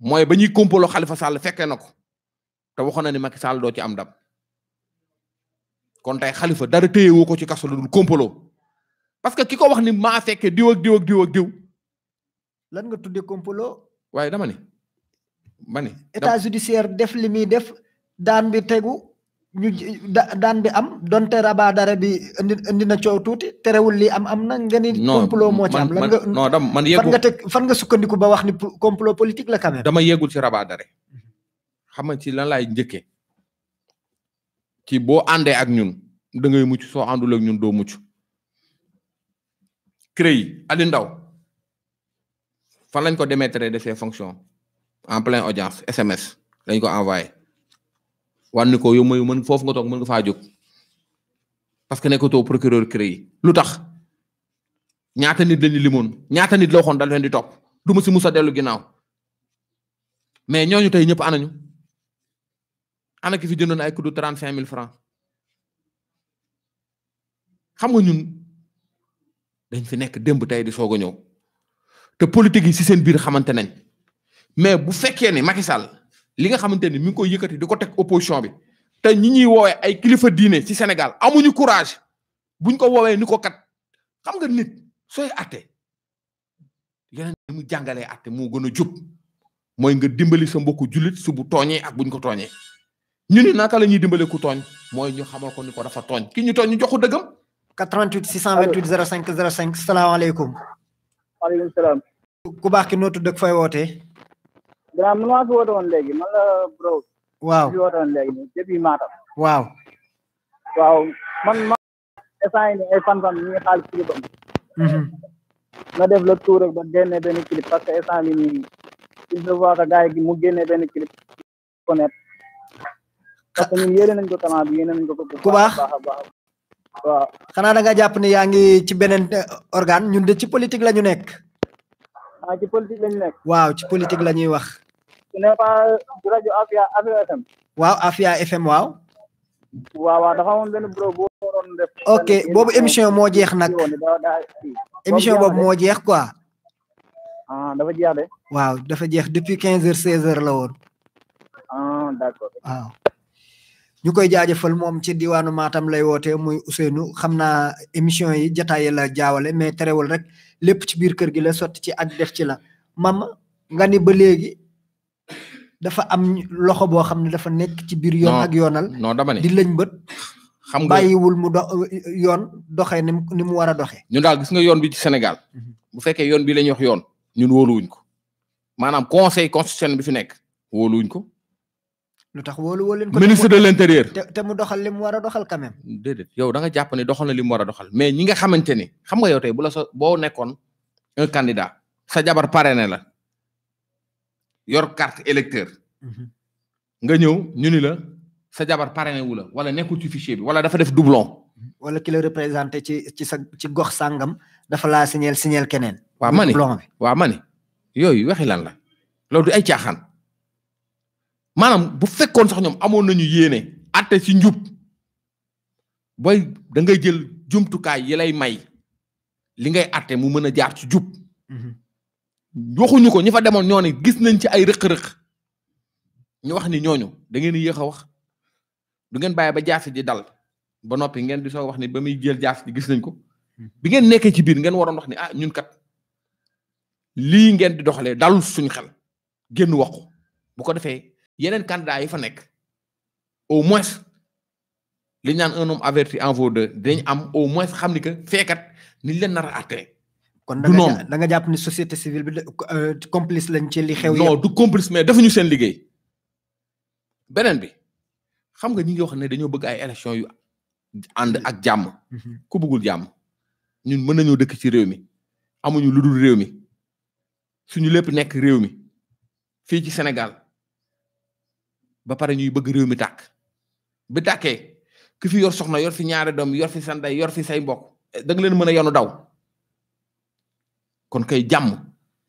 mooy ba ñuy complot Khalifa Sall fekkee na ko te waxoon na ni Macky Sall doo ci am ndam kon tey xalifa dara téyewoo ko ci kaso lu dul complot parce que ki ko wax ni ma fekkee diw ak diw ak diw ak diw. lan nga tuddee complot. waaye dama ni ma état judiciaire def li muy def daan bi tegu. ñu daan bi am donte Rabat dara bi indi indi na coow tuuti terewul lii am am na nga ni. complot moo ci am lan nga man yeggu fan nga teg fan nga sukkandiku ba wax ni complot politique la quand même. dama yeggul ci Rabat dara mhm. xam nga ci lan laay njëkkee ci boo àndee ak ñun da ngay mucc soo àndul ak ñun doo mucc. CREI Ali Ndaw fan lañ ko démettre de ses fonctions en pleine audience SMS lañ ko envoyé. wan ni ko yow mooy mën foofu nga toog mën nga faa jóg parce que nekkatoo procureur CREI lu tax ñaata nit lañu limon ñaata nit la waxoon da leen di top du ma si musa dellu ginnaaw mais ñooñu tey ñëpp anañu ana ki fi jëndoon ay kuddu trente cinq mille francs xam nga ñun dañ fi nekk démb tey di soog a ñëw te politique yi si seen biir xamante nañ mais bu fekkee ne Macky Sall li nga xamante ni mi ngi koy yëkkati di ko teg opposition bi te ñi ñuy woowee ay kilifa diine ci Sénégal amuñu courage buñ ko woowee ni ko kat xam nga nit sooy atte yeneen mu jàngalee atte moo gën a jub mooy nga dimbali sa mbokku julit su bu tooñee ak buñ ko tooñee ñu ni naka la ñuy dimbale ku tooñ mooy ñu xamal ko ni ko dafa tooñ ki ñu tooñ ñu joxu ko dëggam. 88 628 05 05 salaamaaleykum. maaleykum salaam. ku baax ki noo tudd ak fay wootee. grand man fi woote woon léegi man la bro. waaw fi woote woon léegi depuis Matam. waaw. waaw man ma instant yii nii ay fan fan ñu ngi xaar clipam. Mhm. na def le tour rek ba génne benn clip parce que instant bi nii il mu génne benn clip connaître parce que ñun yéene xanaa da jàpp ni yaa ngi ci beneen eh, organ ñun de ci politique la ñu nekk ah la waaw ci politique la ñuy wax rajo Afia FM. waaw Afia FM waaw. ok boobu émission moo jeex nag. émission boobu moo jeex quoi. ah dafa waaw dafa jeex depuis quinze heures seize heures la woon. Ah, waaw. ñu koy jaajëfal moom ci diwaanu Matam lay woote muy Ousseynou xam naa émission yi jataay la jaawale mais terewul rek lépp ci biir kër gi la sotti ci ak def ci la mam nga ba léegi. dafa am loxo boo xam ne dafa nekk ci biir yoon ak yoonal non dama ne di lëñ bët xam nga bàyyiwul mu do yoon doxee ni ni mu war a doxee ñun daal gis nga yoon bi ci Sénégal mhm. bu fekkee yoon bi la ñuy wax yoon ñun wóoluwuñ ko maanaam conseil constitutionnel bi fi nekk wóoluwuñ ko lu tax wóolu wóolu leen ko ministre de l'intérieur te mu doxal li mu war a doxal quand même yow da nga jàpp ne doxal na li mu war a doxal mais ñi nga xamante ni xam nga yow tey bu la sa boo nekkoon un candidat sa jabar parrainé la yor carte électeur mhm. nga ñëw ñu ni la sa jabar parrainé wu la wala nekku ci fichier wala dafa def doublon. wala kila représenté ci ci sa ci gox sàngam dafa laa signal signal keneen. waaw ma ni waaw ma ni yooyu waxi lan la loolu du ay caaxaan maanaam bu fekkoon sax ñoom amoon nañu yéene atte ci njub booy da ngay jël jumtukaay yi lay may li ngay atte mu mën a jaar ci jub. Mhm. waxuñu ko ñi fa demoon ñoo ne gis nañ ci ay rëq-rëq ñu wax ni ñooñu da ngeen di yéex a wax du ngeen bàyyi ba jaasi di dal ba noppi ngeen di soog wax ni ba muy jël jaasi di gis nañ ko bi ngeen nekkee ci biir ngeen waroon wax ni ah ñun kat lii ngeen di doxalee dalul suñu xel génn wax ko bu ko defee yeneen candidat yi fa nekk au moins li ñu naan un homme averti en vaut deux dinañ am au moins xam ni que feekat niñ leen nar a attee kon da nga da nga jàpp ni société civile bi euh, complice lañ ci li xew. non du complice mais defuñu seen liggéey beneen bi xam nga ñi ngi wax ne dañoo bëgg ay élection yu ànd mm-hmm. ak jàmm. Mm-hmm. ku bëggul jàmm ñun mën nañoo dëkk ci réew mi amuñu lu dul réew mi suñu lépp nekk réew mi fii ci Sénégal ba pare ñuy bëgg réew mi tàkk bi tàkkee ki fi yor soxna yor fi ñaari doom yor fi sanday yor fi say mbokk eh, da nga leen mën a yanu daw. kon kay jàmm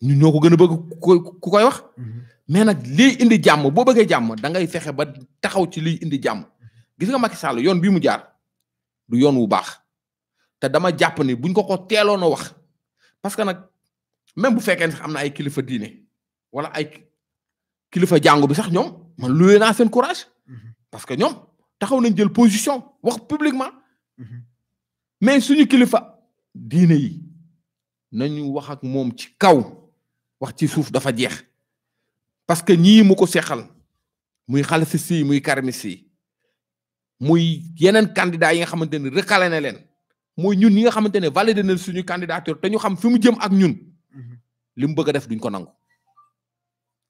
ñu ñoo ko gën a bëgg ku koy wax mhm. mais nag liy indi jàmm boo bëggee jàmm da ngay fexe ba taxaw ci liy indi jàmm gis nga Macky Sall yoon bii mu jaar du yoon wu baax te dama jàpp ni buñ ko ko teeloon a wax parce que nag même bu fekkee sax am na ay kilifa diine wala ay kilifa jàngu bi sax ñoom man luwee naa seen courage mhm. parce que ñoom taxaw nañ jël position wax publiquement mhm. mais suñu kilifa diine yi nañu wax ak moom ci kaw wax ci suuf dafa jeex parce que ñii mu ko seqal muy xalisi si muy karmis yi muy yeneen candidat yi nga xamante ne recalé na leen mooy ñun ñi nga xamante ne validé na suñu candidature te xam fi mu jëm ak ñun mhm. li mu bëgg a def duñ ko nangu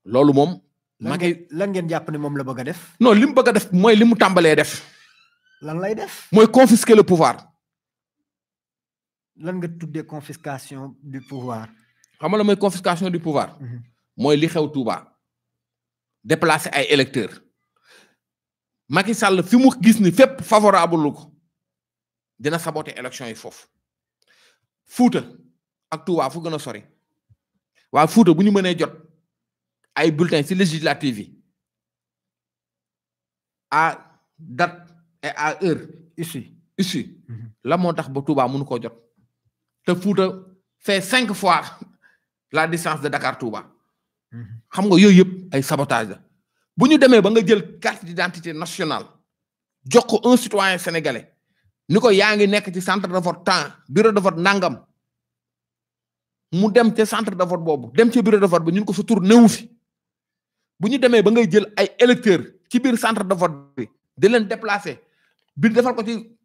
loolu moom ma koy lan ngeen jàpp ne moom la bëgg a def non li mu bëgg a def mooy li mu tàmbalee def lan lay def mooy confisquer le pouvoir lan nga tuddee confiscation du pouvoir. xam nga la mooy confiscation du pouvoir. Mhm. mooy li xew Touba. déplacer ay électeurs. Macky Sall fi mu gis ni fépp favorable lu ko dina saboter élection yi foofu. Fouta ak Touba fu gën a sori. waa Fouta bu ñu mënee jot ay bulletins ci législative yi à dat et à eur ici ici. la moo tax ba Touba mënu koo jot. te Fouta fait cinq fois la distance de Dakar Touba. xam nga yooyu yëpp ay sabotage la bu ñu demee ba nga jël carte d'identité nationale jox ko un citoyen sénégalais ni ko yaa ngi nekk ci centre de vote temps bureau de vote nangam mu dem ca centre de vote boobu dem ca bureau de vote bi ñun ko sa tur newu fi bu ñu demee ba ngay jël ay électeurs ci biir centre de vote bi di leen déplacer bi defal ko ci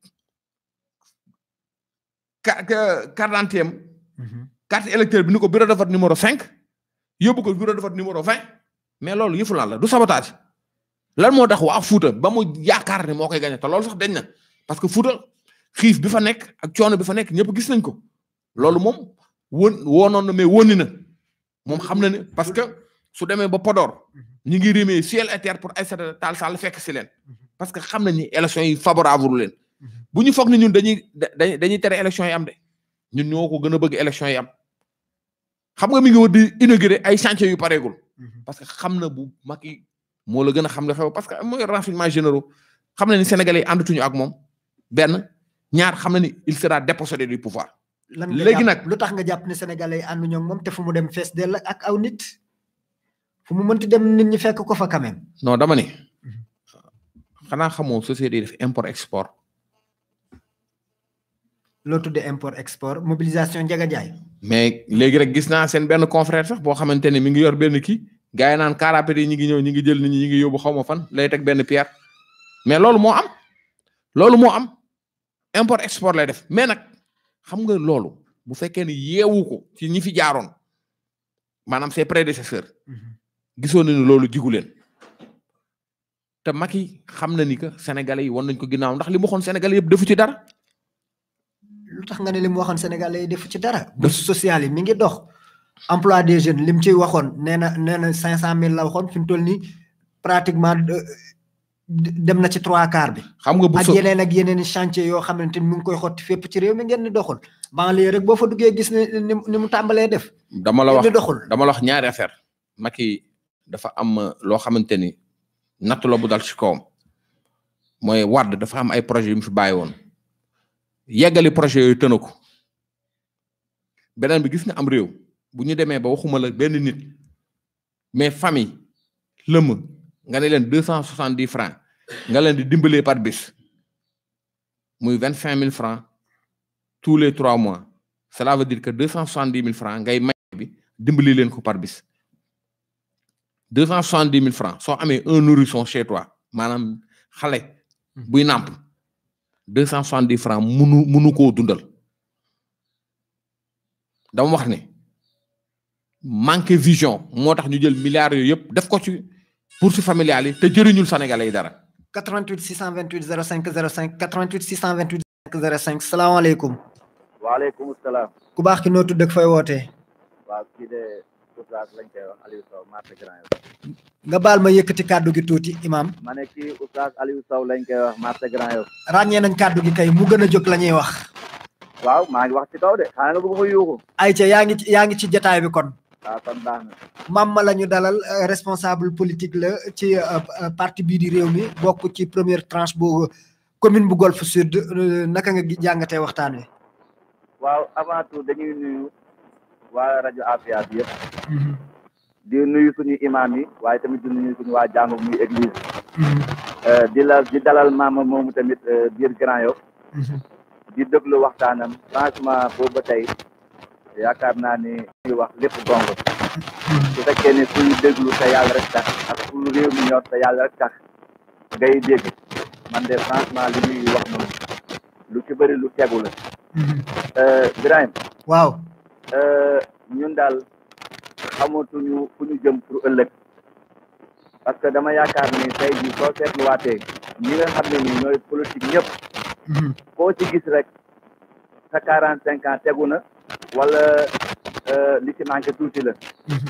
carte d'identité am mhm. carte électeur bi ni ko bureau de numéro cinq yóbbu ko bureau de numéro vingt mais loolu yëfu lan la du sabotage lan moo dax waa Fuuta ba mu yaakaar ne moo koy gagné te loolu sax dañ na parce que Fuuta xiif bi fa nekk ak coono bi fa nekk ñëpp gis nañ ko loolu moom won woonoon na mais wóni na moom xam na ne parce que su demee ba Podor mhm. ñu ngi rimer ciel et terre pour Aïssata Tall Sall fekk si leen mhm. parce que xam na ni élection yi favorable leen bu ñu foog ne ñun dañuy dañuy dañuy tere élection yi am de ñun ñoo ko gën a bëgg élection yi am xam nga mi ngi war di inaugurer ay chantier yu pareegul. Mhm. parce que xam na bu Macky moo la gën a xam la xew parce que mooy renseignements généraux xam na ni Sénégalais yi ak moom benn ñaar xam na ni il sera dépossédé du pouvoir. léegi nag lu tax nga jàpp ne sénégalais yi ànduñu ak moom te fu mu dem fees dell ak aw nit fu mu ti dem nit ñi fekk ko fa quand même. non dama ne mhm. xanaa xamoo société yi def import export. loo tuddee import export mobilisation Ndiaga Ndiaye. mais léegi rek gis naa seen benn confrère sax boo xamante ne mi ngi yor benn kii gars naan car rapide yi ñu ngi ñëw ñu ngi jël nit ñi ñu ngi yóbbu xaw ma fan lay teg benn pierre mais loolu moo am loolu moo am import export lay def mais nag xam nga loolu bu fekkee ne yeewu ci ñi fi jaaroon maanaam ses prédécesseurs mhm. gisoon nañu loolu jigu leen te Macky xam na ni que sénégalais yi wan nañ ko ginnaaw ndax li mu waxoon sénégalais yëpp defu ci dara. lu tax nga ne li mu waxoon Sénégal lay def ci dara. bourse sociale yi mi ngi dox. emploi des jeunes li mu ciy waxoon nee na nee na 500000 la waxoon fi mu toll nii pratiquement euh, dem na ci trois quarts bi. xam nga bourse ak yeneen ak yeneen i xamante ni mu ngi koy xotti fépp ci réew mi ngeen di doxul. banlieue rek boo fa duggee gis ne ni mu tàmbalee def. dama la wax dama la wax ñaari affaire Macky dafa am euh, loo xamante ni natt la bu dal ci kawam mooy Wade dafa am ay projet yu mu fi bàyyi woon. yeggali projet yooyu tëna ko beneen bi gis nga am réew bu ñu demee ba waxuma la benn nit mais famille lëmm nga ne leen deux cent soixante dix francs nga leen di dimbalee par bis muy vingt cinq mille francs tous les trois mois cela veut dire que deux cent soixante dix mille francs ngay may bi dimbali leen ko par bis deux cent soixante dix mille francs soo amee un nourrisson chez toi maanaam xale hmm. buy nàmp deux cent soixante-dix francs munu munu koo dundal dama wax ne manque vision moo tax ñu jël milliards yooyu yëpp def ko ci pour bourses familiales yi te jëriñul Sénégalais yi dara. 88 628 05 05 88 628 05 05 salaamaaleykum. waaleykum salaam. ku baax ki noo tudd ak fay wootee. waaw kii de. Oustaz lañ koy wax Aliou Sow marché Grand Yoff. nga baal ma yëkkati kàddu gi tuuti imam ma ne kii lañ koy wax marché Grand Yoff. ràññee nañ kàddu gi kay mu gën a jóg la ñuy wax. waaw maa ngi wax ci kaw de xanaa nga bëgg fa yuuxu. ayca yaa ngi yaa ngi ci jataay bi kon. waaw ah, kon baax na. ñu dalal euh, responsable politique la ci euh, euh, parti bii di réew mi bokk ci première tranche bu commune bu Golf Sud naka nga jàngatee waxtaan wi. waaw avant tout dañuy nuyu. waa rajo Afia bi yëpp mhm. di nuyu suñu imam yi waaye tamit di nuyu suñu waa jàngu muy église mhm. euh, di la di dalal maama moomu tamit euh, biir Grand Yoff mhm. di déglu waxtaanam franchement boobu ba tey yaakaar naa ni ñuy wax lépp gong su fekkee ne kuy déglu te yàlla rek tax ak ku réew mi ñor yàlla rek tax ngay dégg man de franchement li ñuy wax noonu lu ci bëri lu tegu la euh, Birahim waaw Euh, ñun daal xamatuñu fu ñu jëm pour ëllëg parce que dama yaakaar ni tey jii soo seetluwaatee ñi nga xam ne ni ñooy politique ñëpp mhm. koo ci gis rek sa quarante cinq ans tegu na wala euh, li ci manqué tuuti la mhm.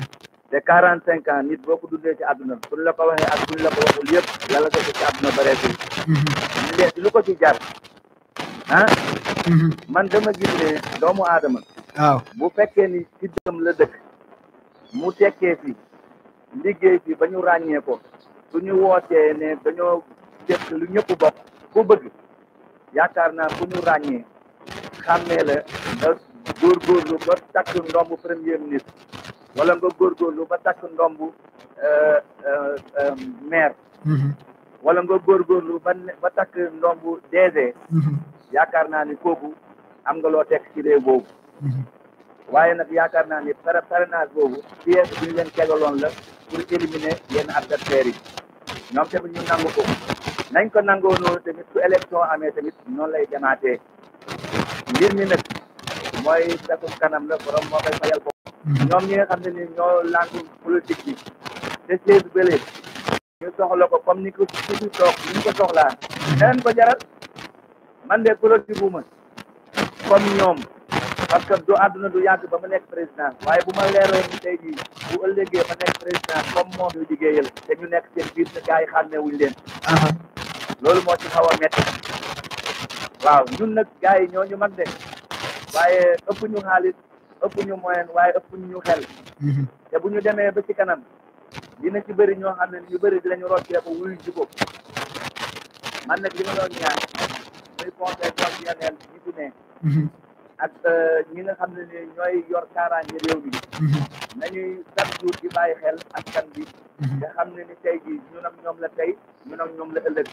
te quarante cinq ans nit boo ko dundee ci àdduna suñ la ko waxee ak suñ la ko waxul yëpp yàlla ko ci àdduna bareetul mhm. léegi lu ko ci jar ah man dama gis ne doomu aadama waaw bu fekkee ni ci la dëkk mu tekkee fi liggéey fi ba ñu ràññee ko suñu wootee ne dañoo def lu ñëpp bokk ku bëgg yaakaar naa ku ñu ràññee xàmmee la nga góorgóorlu ba takk ndomb premier ministre wala nga góorgóorlu ba takk ndomb euh, euh, euh, maire mm-hmm. wala nga góorgóorlu ba ba takk ndomb DG mm-hmm. yaakaar naa ni kooku am nga loo teg ci réew boobu waaye nag yaakaar naa ni para parrainage boobu pièce bi ñu leen tegaloon la pour éliminer yenn adversaires yi ñoom tamit ñu nangu ko nañ ko nangoo noonu tamit su élection amee tamit ñoo lay demaatee mbir mi nag mooy takum kanam la borom moo koy fayal ko mm-hmm. ñoom ñi nga xam ne ni ñoo làngu politique bi te siège bële ñu soxla ko ni ko sisi toog ñu ko soxlaa neneen mm-hmm. ko jaral man de politique bu ma ñoom parce que du àdduna du yàgg ba mu nekk président waaye bu ma leeroon ni tey jii bu ëllëgee ma nekk président comme moom ñu liggéeyal te ñu nekk seen biir gaay gars yi xàmmeewuñ leen loolu moo ci xaw a métti waaw ñun nag gars ñoo ñu mag de waaye ëpp ñu xaalis ëpp ñu moyen waaye ëpp ñu ñu xel mhm. te bu ñu demee ba ci kanam dina ci bari ñoo xam ne ñu bëri dinañu rocceeku wuyu ji ko man nag li ma doon ñaan muy conseil constitutionnel ñi fi ne mhm. ak euh, ñi nga xam ne ni ñooy yor kaaraange réew mi mhm. nañuy chaque jour di bàyyi xel askan bi mhm. nga xam ne ni tey jii ñun ak ñoom la tey ñun ak ñoom la ëllëg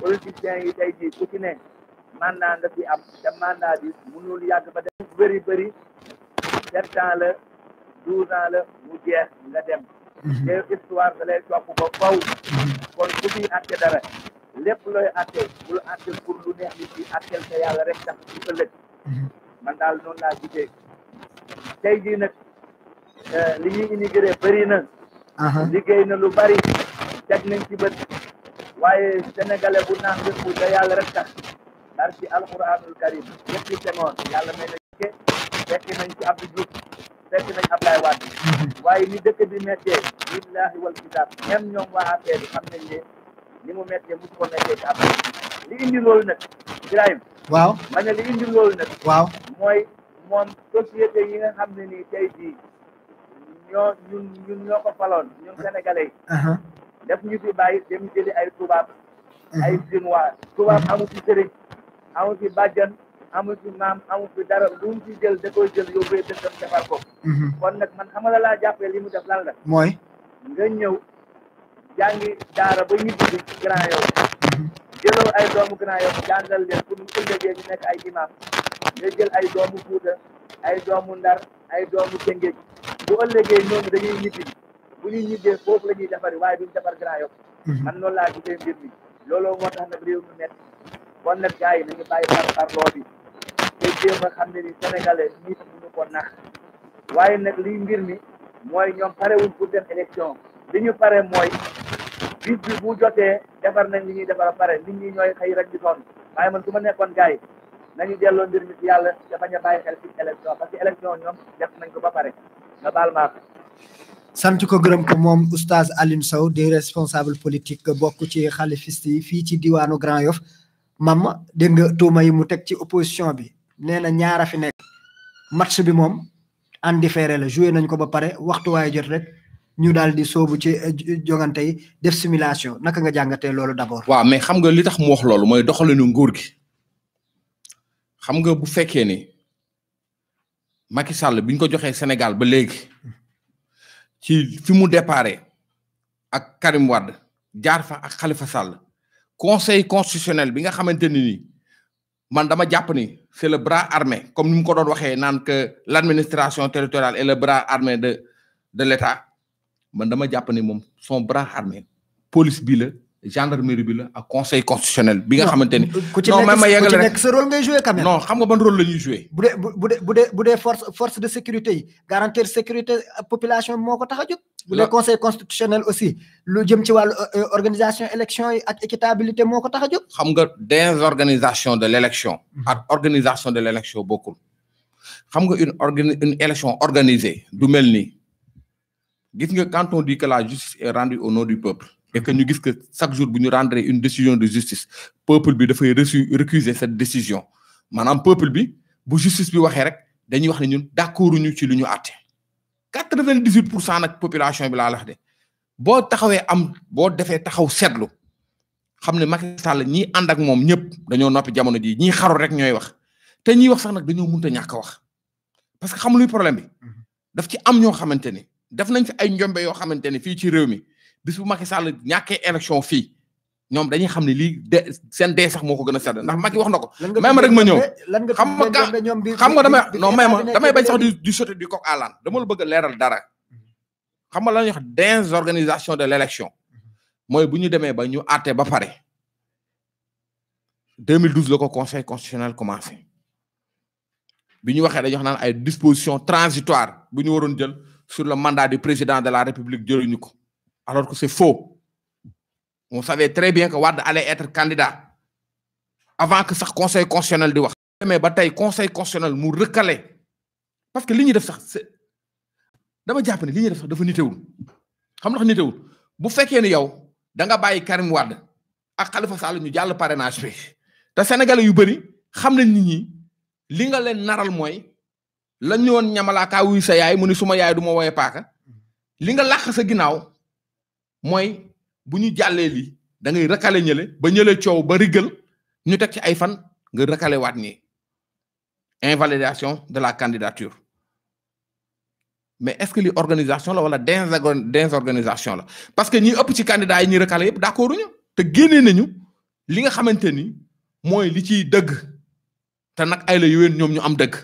politiciens yi tey jii ku ci ne mandat nga fi am te mandat bi mënul yàgg ba dem bëri bëri sept ans la douze ans la mu jeex nga dem mhm. te histoire da topp ba faw kon ku fi àtte dara lépp looy àtte bul àtte pour lu neex nit yi àtteel te yàlla rek tax ci ëllëg man daal noonu laa gisee tey jii nag euh, li ñuy immigré bëri na liggéey na lu bari teg nañ ci bët waaye sénégalais bu naan dëkku da yàlla rek tax dar ci alquranul karim yëpp ci Senghor yàlla may na ke fekk nañ ci Abdou Diouf nañ Ablaye Wade mhm. waaye ni dëkk bi méttee billahi wal kitab même ñoom waa affaire bi xam nañ ne ni mu méttee mosu ko méttee ci li indi loolu nag Ibrahima waaw ma ne li indi loolu nag waaw mooy moom société yi nga xam ne nii tey jii ñoo ñun ñun ñoo ko faloon ñun sénégalais yi def ñu fi bàyyi dem jëli ay tubaab ay chinois tubaab amu fi sëriñ amu fi bàjjan amu fi maam amu fi dara lu mu fi jël da koy jël yóbbee dëkkam defar ko kon nag man xamala laa jàppee li mu def lan la mooy nga ñëw jàngi daara ba ñibbi bi grand yow jëlal ay doomu Grand Yoff jàngal leen pour ñu ëllëgee ñu nekk ay imam nga jël ay doomu Fuuta ay doomu Ndar ay doomu Tëngéej bu ëllëgee ñooñu dañuy ñibbi bu ñuy ñibbee foofu la ñuy defari waaye duñ defar Grand Yoff mhm. man noonu laa gisee mbir mi looloo moo tax nag réew mi nekk kon nag bi te a xam ne ni sénégalais nit waaye nag liy mbir mi mooy ñoom parewuñ pour dem élection li ñu pare mooy bis bi bu jotee defar nañ li ñuy defar a pare nit ñi ñooy xëy rek di man su ma nekkoon gars yi nañu delloo mbir mi yàlla te bañ a xel ci élection parce que élection ñoom def nañ ko ba pare nga baal maa ko sant ko gërëm moom oustaz Alioune Sow di responsable politique bokk ci xalifiste yi fii ci diwaanu Grand Yoff mam dégg nga tuuma yi mu teg ci opposition bi nee na ñaara fi nekk match bi moom en différé la joué nañ ko ba pare waxtu waaye jot rek ñu daal di soobu ci eh, jogante yi def simulation naka nga jàngatee loolu d'abord. waaw mais xam nga li tax mu wax loolu mooy doxalinu nguur gi xam nga bu fekkee ni Macky Sall bi ko joxee Sénégal ba léegi ci fi mu déparé ak Karim Wade jaar fa ak Khalifa Sall conseil constitutionnel bi nga xamante ni nii man dama jàpp ni c'est le bras armé comme ni mu ko doon waxee naan que l'administration territoriale est le bras armé de de l'État man dama jàpp ne moom son bras armé police bi la gendarmerie bi la ak conseil constitutionnel. bi nga xamante ni non même rek ku ci nekk sa rôle ngay joué quand même. non xam nga ban rôle la ñuy joué. bu dee bu bu dee force force de sécurité yi garantir sécurité population bi moo ko tax a jóg. bu dee conseil constitutionnel aussi lu jëm ci wàllu euh, euh, organisation élection yi ak équitabilité moo ko tax a jóg. xam nga désorganisation de l' élection. ak organisation de l' élection bokkul. xam nga une organ une élection organisée du mel nii. gis nga quand on dit que la justice est rendue au nom du peuple et que ñu gis que chaque jour bu ñu une décision de justice peuple bi dafay reçu récuser cette décision maanaam peuple bi bu justice bi waxee rek dañuy wax ne ñun d'accord ñu ci lu ñu àtte quatre-vingt-dix-huit pour cent nag population bi laa la wax de boo taxawee am boo defee taxaw seetlu xam ne Macky Sall ñii ànd ak moom ñëpp dañoo noppi jamono ji ñii xaru rek ñooy wax te ñiy wax sax nag dañoo mun a ñàkk wax parce que xam luy problème bi mm-hmm. daf ci am ñoo xamante ni def nañ fi ay njombe yoo xamante ne fii ci réew mi bis bu Macky Sall ñàkkee élection fii ñoom dañuy xam ne lii de sen dee sax moo ko gën a sedd ndax Macky wax na ko. may ma rek ma ñëw xam nga ga xam nga damay non may ma damay bañ sax di di sauter du coq à l'âne dama la bëgg a leeral dara. xam nga la ñuy wax organisation de l' élection mooy bu ñu demee ba ñu àtte ba pare 2012 la ko conseil constitutionnel commencé bi ñu waxee da wax naan ay dispositions transitoires bu ñu waroon jël. sur le mandat du président de la République jëluñu ko alors que c'est faux on savait très bien que Wade allait être candidat avant que sax conseil constitutionnel di wax. mais ba tey conseil constitutionnel mu recalé parce que li ñuy def sax dama jàpp ne li ñuy def sax dafa nitewul xam ndax nitewul bu fekkee ni yow da nga bàyyi Karim Wade ak Khalifa Sall ñu jàll parrainage bi te sénégalais yu bëri xam nañ nit ñi li nga leen naral mooy. lañ ñu woon ñamalaakaa wuy sa yaay mu ni suma yaay du ma woowee paaka li nga làq sa ginnaaw mooy bu ñu jàllee lii da ngay rakale ñële ba ñële coow ba riggal ñu teg ci ay fan nga rakale waat nii invalidation de la candidature mais est-ce que li organisation la wala désorganisation la parce que ñi ëpp ci candidat yi ñi recalé yëpp d'accord ñu te génnee nañu li nga xamante ni mooy li ciy dëgg te nag ay la yoween ñoom ñu am dëgg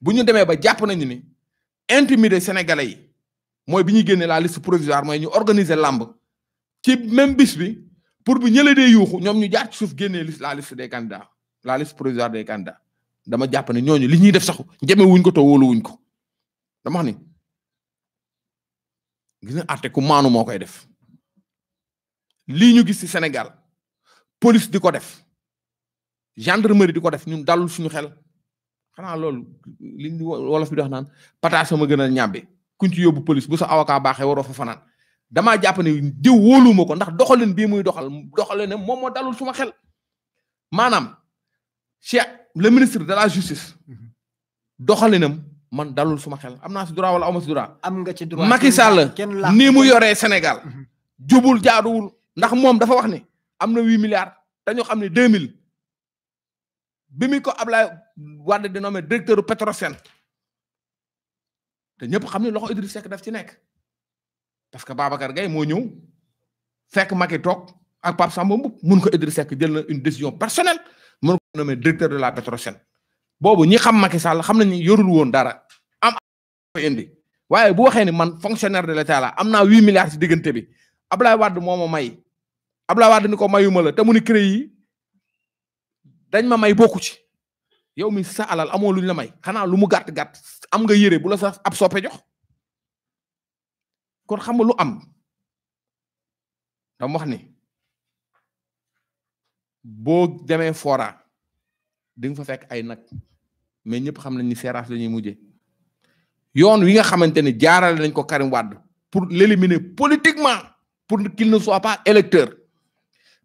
bu ñu demee ba jàpp nañu ni intimider sénégalais yi mooy bi ñu génne la liste provisoire mooy ñu organiser làmb ci même bis bi pour bu ñële dee yuuxu ñoom ñu jaar ci suuf génnee liste la liste des candidats la liste provisoire des candidats dama jàpp ne ñooñu li ñuy def saxu njëme wuñ ko te wóolu wuñ ko dama ni gis nga àtte ku maanu moo koy def lii ñu gis ci Sénégal police di ko def gendarmerie di ko def ñu dalul suñu xel. xanaa loolu li ñu wolof bi di wax naan pataas sama gën a ñàbbe kuñ ci yóbbu police bu sa avocat baaxee waroo fa fanaan damaa jàpp ne diw wóoluwuma ko ndax doxalin bii muy doxal doxalin ne moom moo dalul suma xel maanaam Cheikh le ministre de la justice mhm. doxalinam man dalul suma xel am naa si droit wala aw ma si am nga ci droit Macky Sall ni mu yoree Sénégal. Mhm. jubul jaaduwul ndax moom dafa wax ne am na huit milliards dañoo xam ne deux mille bi muy ko abla Wade di nommé directeur Petrosen te ñëpp xam ne loxo Idriss sek daf ci nekk parce que Babacar Gaye moo ñëw fekk Macky toog a Pape Samba Mboup mun ko Idriss Seck jël na une décision personnelle mun ko nommé directeur de la Petrosen boobu ñi xam Macky Sall xam nañu yorul woon dara am indi waaye bu waxee man fonctionnaire de l'État la am na huit milliards ci diggante bi Ablaye Wade moo ma may Ablaye Wade ni ko mayuma la te mu ni yi dañ ma may bokku ci yow mi sa alal amoo luñ la may xanaa lu mu gàtt gàtt am nga yére bu la sa ab soppe kon xam nga lu am dama wax ni boo demee fora di fa fekk ay nag mais ñëpp xam nañ ni seeraas la ñuy mujjee yoon wi nga xamante ne jaaral nañ ko Karim Wade pour l'éliminer politiquement pour qu'il ne soit pas électeur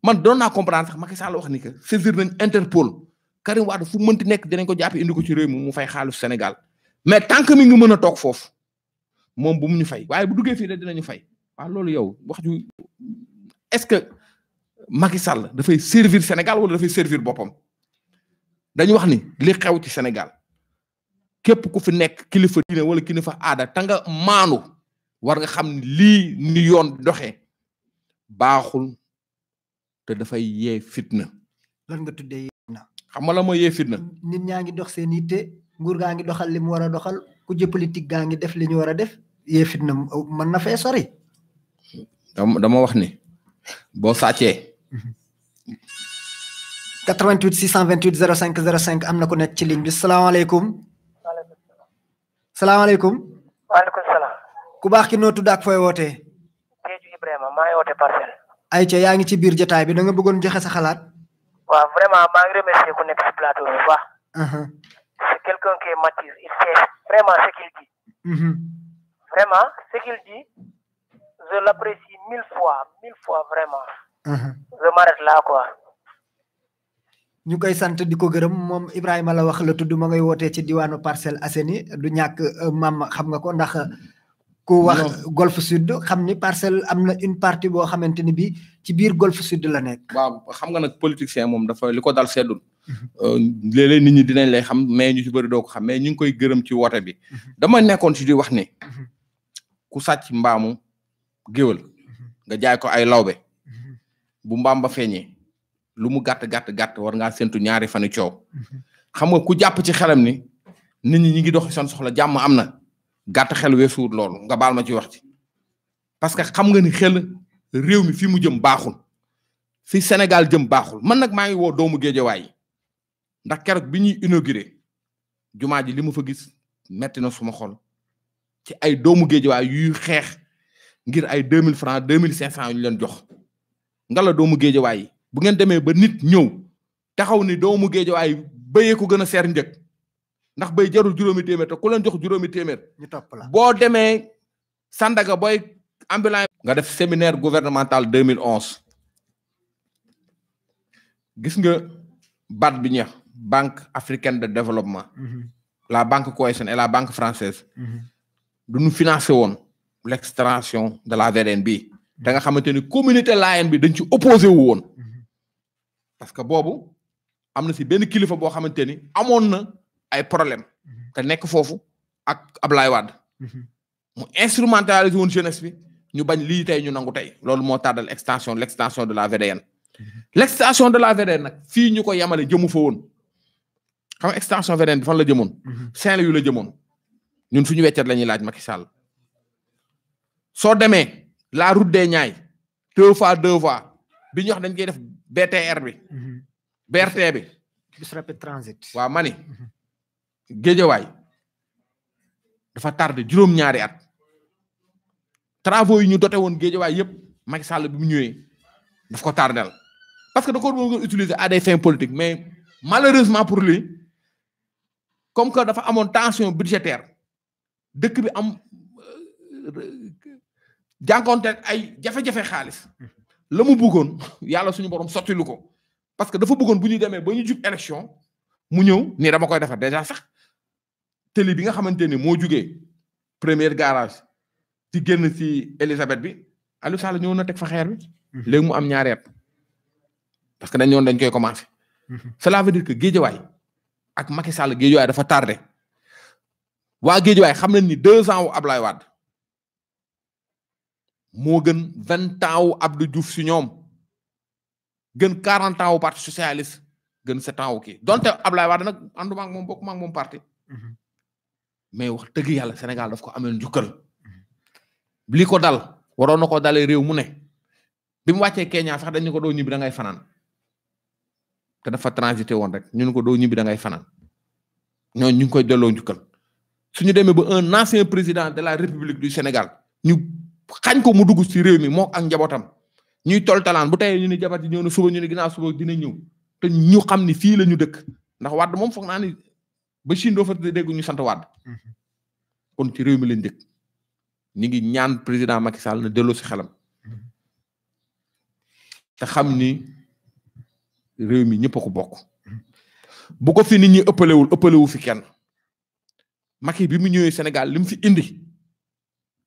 man doon naa comprendre sax Macky Sall wax ni que saisir nañ Interpol Karim Wade fu mënti nekk dinañ ko jàpp indi ko ci réew mi mu fay xaalis Sénégal mais tant que mi ngi mën a toog foofu moom bu mu ñu fay waaye bu duggee fii de dinañu fay waaw loolu yow wax ju est-ce que Macky Sall dafay servir Sénégal wala dafay servir boppam dañu wax ni li xew ci Sénégal képp ku fi nekk kilifa diine wala kilifa aada ta nga maanu war nga xam ni lii ni yoon doxee baaxul te dafay yee fitna. lan nga tuddee fitna. xam nga la mooy fitna. nit ñaa ngi dox seen yitte nguur gaa ngi doxal li mu war a doxal ku jë politique gaa ngi def li ñu war a def yee fitna mën na fee sori. dama dama wax ni boo sàccee. 88 628 05 05 am na ku nekk ci ligne bi salaamaaleykum. waaleykum salaam. salaamaaleykum. waaleykum salaam. ku baax ki noo tudd ak fooy wootee. Ibrahima maa ngi wootee parcelle. Aïcha yaa ngi ci biir jotaay bi da nga bëggoon joxe sa xalaat. waaw vraiment maa ngi remercier nekk si plateau bi bu baax. c'est quelqu'un qui vraiment ce qu'il dit. Mhm. vraiment mille fois mille fois vraiment. je m'arrête là quoi. ñu koy sant di ko gërëm moom Ibrahima la wax la tudd ma ngay wootee ci diwaanu Parcelles Assainies du ñàkk euh, maam xam nga ko ndax. ku wax golfe sud xam ni parcelle am na une partie boo xamante ni bi ci biir golfe sud la nekk. waaw xam nga nag politicien moom dafa li ko dal seddul. Mhm. Euh, léeg-léeg nit ñi dinañ lay xam mais ñu ci bëri doo xam mais ñu ngi koy gërëm ci woote bi. Mhm. dama nekkoon ci di wax ni. Mhm. ku sàcc mbaamu géwél nga jaay ko ay lawbe. bu mbaam ba feeñee. lu mu gàtt gàtt gàtt war ngaa séntu ñaari fani coow. xam nga ku jàpp ci xelam ni. nit ñi ñi ngi dox seen soxla jàmm am na. gàtt xel weesuwut loolu nga baal ma ci wax ci parce que xam nga ni xel réew mi fi mu jëm baaxul fi Sénégal jëm baaxul man nag maa ngi woo doomu géejawaay yi ndax keroog bi ñuy inauguré jumaa ji li ma fa gis metti na suma xol ci ay doomu géejawaay yuy xeex ngir ay deux mille francs deux mille cinq cent yu ñu leen jox nga doomu géejawaay yi bu ngeen demee ba nit ñëw taxaw ni doomu géejawaay béyee ko gën a seer njëg ndax bay jarul juróomi téeméer te ku leen jox juróomi téeméer. ñu topp la boo demee Sandaga booy ambulant. nga def séminaire gouvernemental 2011 gis nga bat bi ñeex banque africaine de développement. Mhm. la banque cohésion et la banque française mhm. du ñu financé woon l' de la VDN bi da nga xamante ni communauté Layène bi dañ ci opposé wu woon mhm. parce que boobu am na si benn kilifa boo xamante ni amoon na. ay problème mhm. te nekk foofu ak Ablaye Wade mhm. mu instrumentaliser woon jeunesse bi ñu bañ lii tey ñu nangu tey loolu moo tardal extension l' de la VDN mhm. l' extension de la VDN nag fii ñu ko yemale jëmu fa woon xam nga extension VDN fan la jëmoon Saint-Louis yu la jëmoon ñun suñu weccet la ñuy laaj Macky Sall soo demee la route des Niayes deux fois deux voies bi ñu wax dañ koy def BTR bi BRT bi bis rapid waaw mani géejawaay dafa tardé juróom-ñaari at travaux yi ñu dote woon géejawaay yëpp Macky Sall bi mu ñëwee daf ko tardel parce que da ko utiliser à des fins mais malheureusement pour lui comme que dafa amoon tension budgétaire dëkk bi am euh, jànkoonte ay jafe-jafe xaalis la mu bëggoon yàlla suñu borom sottilu ko parce que dafa bëggoon bu ñu demee ba ñu jub élection mu ñëw nii koy defar déjà sax tëli bi nga xamante ni moo jugee première garage ci génn si Elisabeth bi Aliou Sall ñëw na teg fa xeer bi. Mhm. léegi mu am ñaari parce que dañ ñoon dañ koy commencé. Mhm. cela veut dire que Guédiawaye ak Macky Sall Guédiawaye dafa tardé waa Guédiawaye xam nañ ni deux ans wu Ablaye Wade moo gën vingt ans wu Abdou Diouf si ñoom gën quarante ans wu parti socialiste gën sept ans wu kii donte Ablaye Wade nag ànduma ak moom bokkuma ak moom parti. Mhm. mais wax dëgg yàlla Sénégal daf ko ameel njukkal li ko dal waroon na ko dalee réew mu ne bi mu wàccee Kenya sax dañu ko doo ñibbi da ngay fanaan te dafa transité woon rek ñu ko doo ñibbi da ngay fanaan ñooñu ñu ngi koy delloo njukkal suñu demee ba un ancien président de la République du Sénégal ñu xañ ko mu dugg ci réew mi moo ak njabootam ñuy tol talaan bu tey ñu ne jabar ji ñëw na suba ñu ne ginnaaw suba dina ñëw te ñu xam ni fii ñu dëkk ndax Wade moom ba Chine doo fa dégg ñu sant Wade mhm. ci réew mi lañ dëkk ñu ngi ñaan président Macky Sall na delloo si xelam mhm. te xam ni réew mi ñëpp a ko bokk mhm. bu ko fi nit ñi ëppalewul ëppalewu fi kenn Macky bi mu ñëwee Sénégal li mu fi indi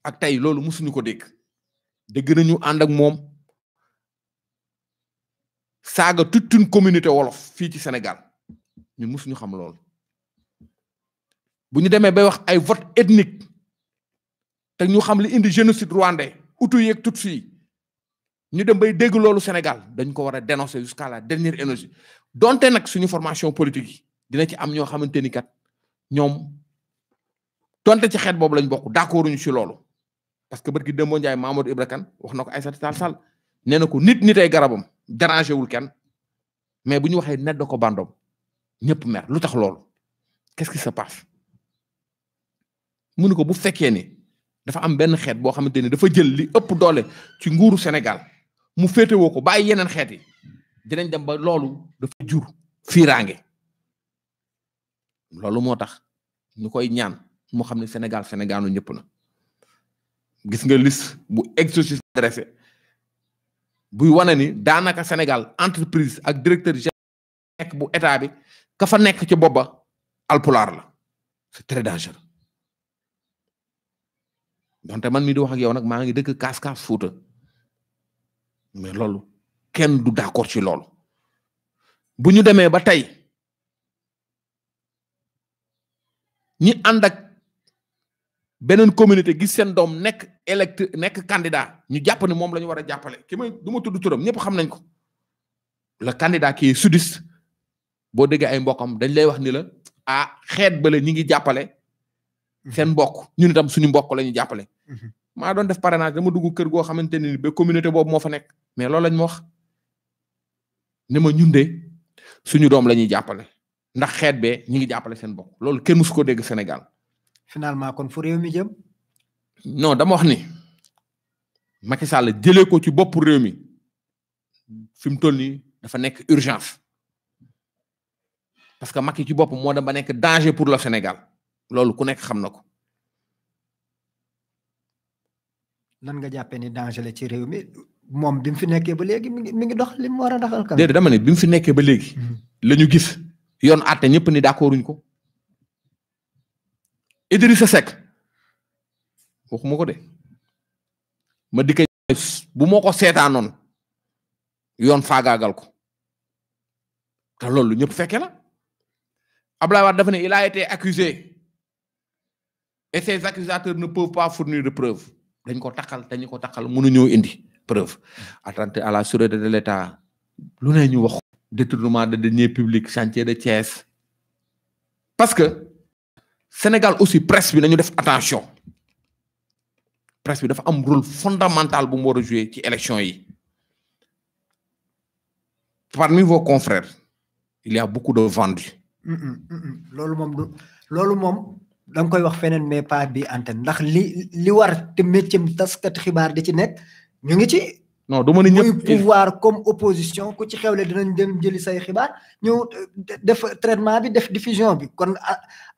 ak tey loolu mosuñu ko dégg dégg nañu ànd ak moom saaga toute une communauté wolof fii ci Sénégal ñun mosuñu xam loolu bu ñu demee bay wax ay vote ethnique te ñu xam le indi génocide rwandais hutu yeeg tutsi yi ñu dem bay dégg loolu Sénégal dañ ko war a dénoncer jusqu'à la dernière énergie donte nag suñu formation politique yi dina ci am ñoo xamante ni kat ñoom donte ci xeet boobu lañ bokk d'accord ñu ci loolu parce que barki Demba Ndiaye Mamadou Ibra Kane wax na ko Aïssata Tall Sall nee na ko nit nit ay garabam dérangé wul kenn mais bu ñu waxee net da ko bandoom ñëpp mer lu tax loolu qu'est-ce qui se mu ne ko bu fekkee ni dafa am benn xeet boo xamante ni dafa jël li ëpp doole ci nguuru Sénégal mu féetewoo ko bàyyi yeneen xeet yi dinañ dem ba loolu dafa jur fiiraange loolu moo tax ñu koy ñaan moo xam ne Sénégal Sénégalu ñëpp na gis nga liste bu exhaustive dressé buy wane ni daanaka Sénégal entreprise ak directeur général bu état bi ka fa nekk ci ba alpulaar la c'est donte man mi di wax ak yow nag maa ngi dëkk kaas-kaas fuuta mais loolu kenn du d'accord ci loolu bu ñu demee ba tey ñi ànd ak beneen communauté gis seen doom nekk élect nekk candidat ñu jàpp ne moom lañu war a jàppale ki may du ma tudd ñëpp xam nañ ko le candidat qui est sudiste boo déggee ay mbokam dañ lay wax ni la ah xeet bale ñi ngi jàppale seen mbokk ñun itam suñu mbokk la ñu jàppale. Mhm. maa doon def parrainage dama dugg kër goo xamante ne ba communauté boobu moo fa nekk mais loolu lañ ma wax de suñu doom la ñuy jàppale ndax xeet bee ñu ngi jàppale seen mbokk loolu kenn musu ko dégg Sénégal. finalement kon fu réew mi jëm. dama wax ni Macky Sall jëlee ko ci bopp réew mi fi mu toll nii dafa nekk urgence parce que Macky ci bopp moo dem ba nekk danger pour la Sénégal. loolu ku nekk xam na ko. nan nga jàppee ni danger la ci réew mi moom bi fi nekkee ba léegi mi ngi mi ngi dox li mu war a doxal. déedéet dama ne bi mu fi nekkee ba léegi. Hmm. la gis yoon àtte ñëpp ni d'accorduñ ko. Idrissa Seck waxuma ko de ma dikka bu moo ko seetaanoon yoon faagaagal ko te loolu ñëpp fekke la Abdoulaye Wade dafa ne il a été accusé e ces accusateurs ne peuvent pas fournir de preuves dañ ko takkal dañu ko takkal mënuñoo indi preuve atteinte à la sûreté de l'État lu ne ñu wax détournement de deniers publics chantier de Thiès parce que Sénégal aussi presse bi nañu def attention presse bi dafa am rôle fondamental bu mu war ci élection yi parmi vos confrères il y a beaucoup de vendus. loolu moom loolu moom. da koy wax feneen mais pas bi antenne ndax li li war te métier taskat xibaar di ci nekk ñu ngi ci. non du ma ni ñëpp muy pouvoir comme opposition ku ci xewle dinañ dem jëli say xibaar ñëw def traitement bi def diffusion bi kon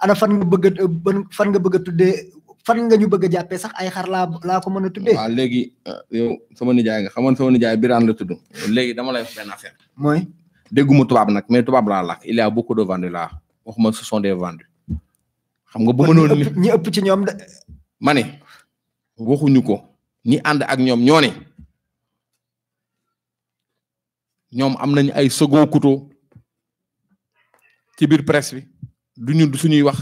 ana fan nga bëgg a fan nga bëgg a tuddee fan nga ñu bëgg a sax ay xar laa laa ko mën a tuddee. waaw léegi euh, yow sama nijaay nga xamoon sama nijaay Birane la tudd. léegi dama lay wax benn affaire. mooy. dégguma tubaab nag mais tubaab laa làkk il y a beaucoup de vendus là waxuma ce sont des xam nga bu mënoon ñi ëpp ci ñoom de. ma ne waxuñu ko ñi ànd ak ñoom ñoo ne ñoom am nañu ay second couteau ci biir presse bi du ñu du suñuy wax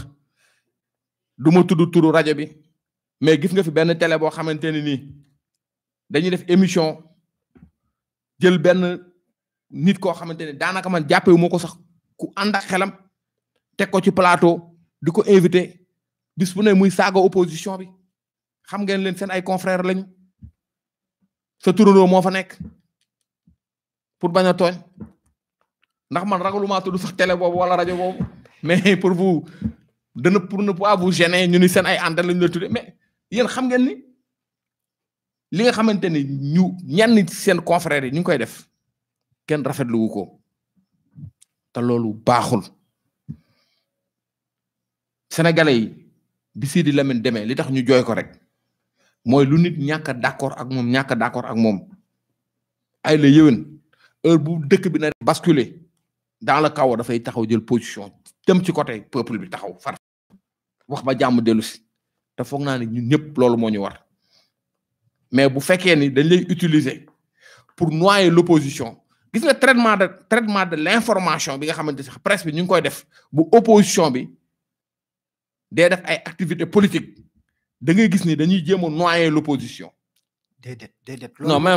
du ma tudd turu rajo bi mais gis nga fi benn télé boo xamante ne nii dañuy def émission jël benn nit koo xamante ne daanaka man jàppee wu ko sax ku ànd xelam teg ko plateau. di ko invité bis bu ne muy saaga opposition bi xam ngeen leen seen ay confrères lañu sa turandoo moo fa nekk pour bañ a tooñ ndax man ragaluma tudd sax télé boobu wala rajo boobu mais pour vous dana pour ne pas vous gêner ñu ni seen ay antenne lañu la tuddee mais yéen xam ngeen ni li nga xamante ni ñu ñenn seen confrères yi ñu ngi koy def kenn rafetlu wu ko te loolu baaxul. sénégalais yi bi Sidi Lamine demee li tax ñu jooy ko rek mooy lu nit ñàkk a d'accord ak moom ñàkk a d'accord ak moom ay la yéwén heure bu dëkk bi na basculer dans le chaos dafay taxaw jël position dem ci côté peuple bi taxaw far wax ba jàmm dellu si te foog naa ne ñun ñëpp loolu moo ñu war mais bu fekkee ni dañ lay utiliser pour noyer l'opposition gis nga traitement de traitement de l'information bi nga xamante sax presse bi ñu ngi koy def bu opposition bi day def ay activité politique da ngay gis ni dañuy jéem a noyer l'opposition déedéet déedéet. non mais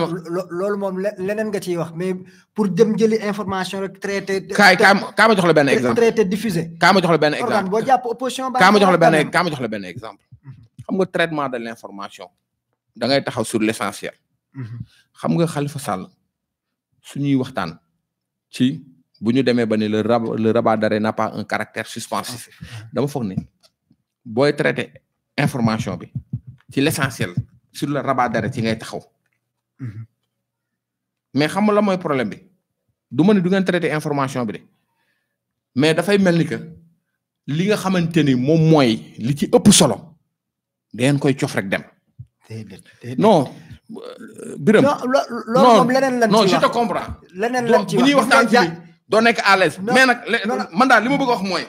loolu moom leneen nga ciy wax mais pour dem jëli information rek traité. kaay kaa ma jox la benn exemple traité diffusé. kaa ma jox la benn exemple organe boo jàpp opposition. kaa ma jox la benn kaa ma exemple. xam nga traitement de l'information da ngay taxaw sur l'essentiel. Mhm. xam nga Khalifa Sall suñuy waxtaan ci bu ñu demee ba ne le rabat le rabat d'arrêt n'a pas un caractère suspensif dama foog ne. booy traité information bi ci l'essentiel sur le rabat d'arrêt ci ngay taxaw mais xam nga la mooy problème bi du ma ne du ngeen traité information bi de mais dafay mel ni que li nga xamante ni moom mooy li ci ëpp solo dangeen koy cof rek dem. non. Birame non loolu moom leneen lan ci wax non je te comprends. leneen la ci wax bu ñuy waxtaan ci doo nekk à l'aise mais nag man daal li ma bëgg wax mooy.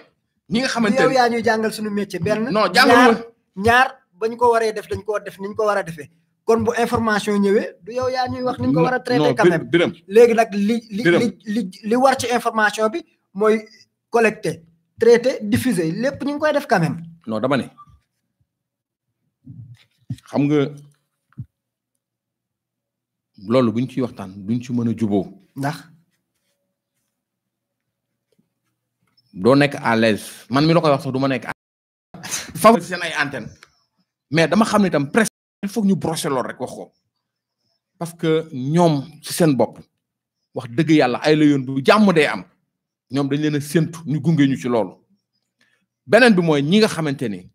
ñi nga xamante ne yaa ñu jàngal suñu métier benn. non jàngal ñaar ba ñu ko waree def dañ ko war def ni ko war a defee kon bu information ñëwee du yow yaa ñuy wax ni ñu ko war a traité quand même léegi nag li li li li war ci information bi mooy collecte traité diffuse lépp ñu ngi koy def quand même. non dama ne xam nga loolu buñ ciy waxtaan duñ ci mën a juboo ndax. doo nekk à l'aise man mi la koy wax sax du ma nekk à favori seen ay antenne mais dama xam ne tam presque il foog ñu brosser lool rek wax ko parce que ñoom ci seen bopp wax dëgg yàlla ay la yoon bu jàmm day am ñoom dañ leen a séntu ñu gunge ci loolu beneen bi mooy ñi nga xamante ni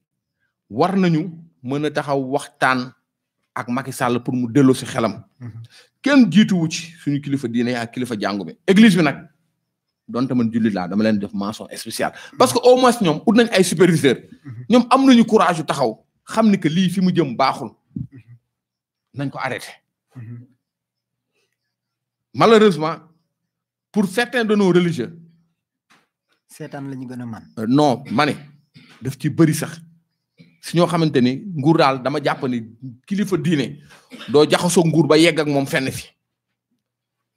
war nañu mën a taxaw waxtaan ak Macky Sall pour mu delloo si xelam mhm. kenn jiituwu ci suñu kilifa diine a kilifa jàngu bi église bi nag donte man jullit laa dama leen def mention spéciale parce que au moins ñoom ut nañ ay superviseur ñoom am nañu courage yu taxaw xam ni que lii fi mu jëm baaxul nañ ko arrêté malheureusement pour certains de nos religieux seetaan la gën a man euh, non ma ne daf ci bëri sax si ñoo xamante ni nguur daal dama jàpp kilifa diine doo jaxasoo nguur ba yegg ak moom fenn fi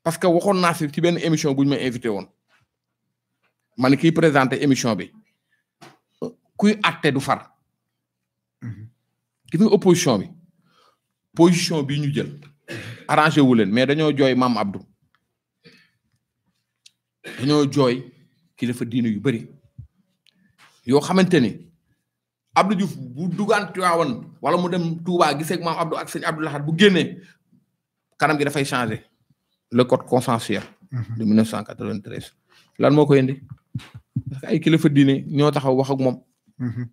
parce que waxoon naa fi ci benn émission bu ñu ma invité woon man kiy présenté émission bi kuy àtte du far gis nga opposition bi position bi ñu jël arrangé wu leen mais dañoo jooy maam Abdou dañoo jooy kilifa diine yu bëri yoo xamante ni Abdou Diouf bu dugaan Tiwaawan wala mu dem Touba gisee ak maam Abdou ak sëñ Abdou Lahad bu génnee kanam gi dafay changé le code consensuel de 1993 lan moo koy indi ndax ay kilifa diine ñoo taxaw wax ak moom. Mhm.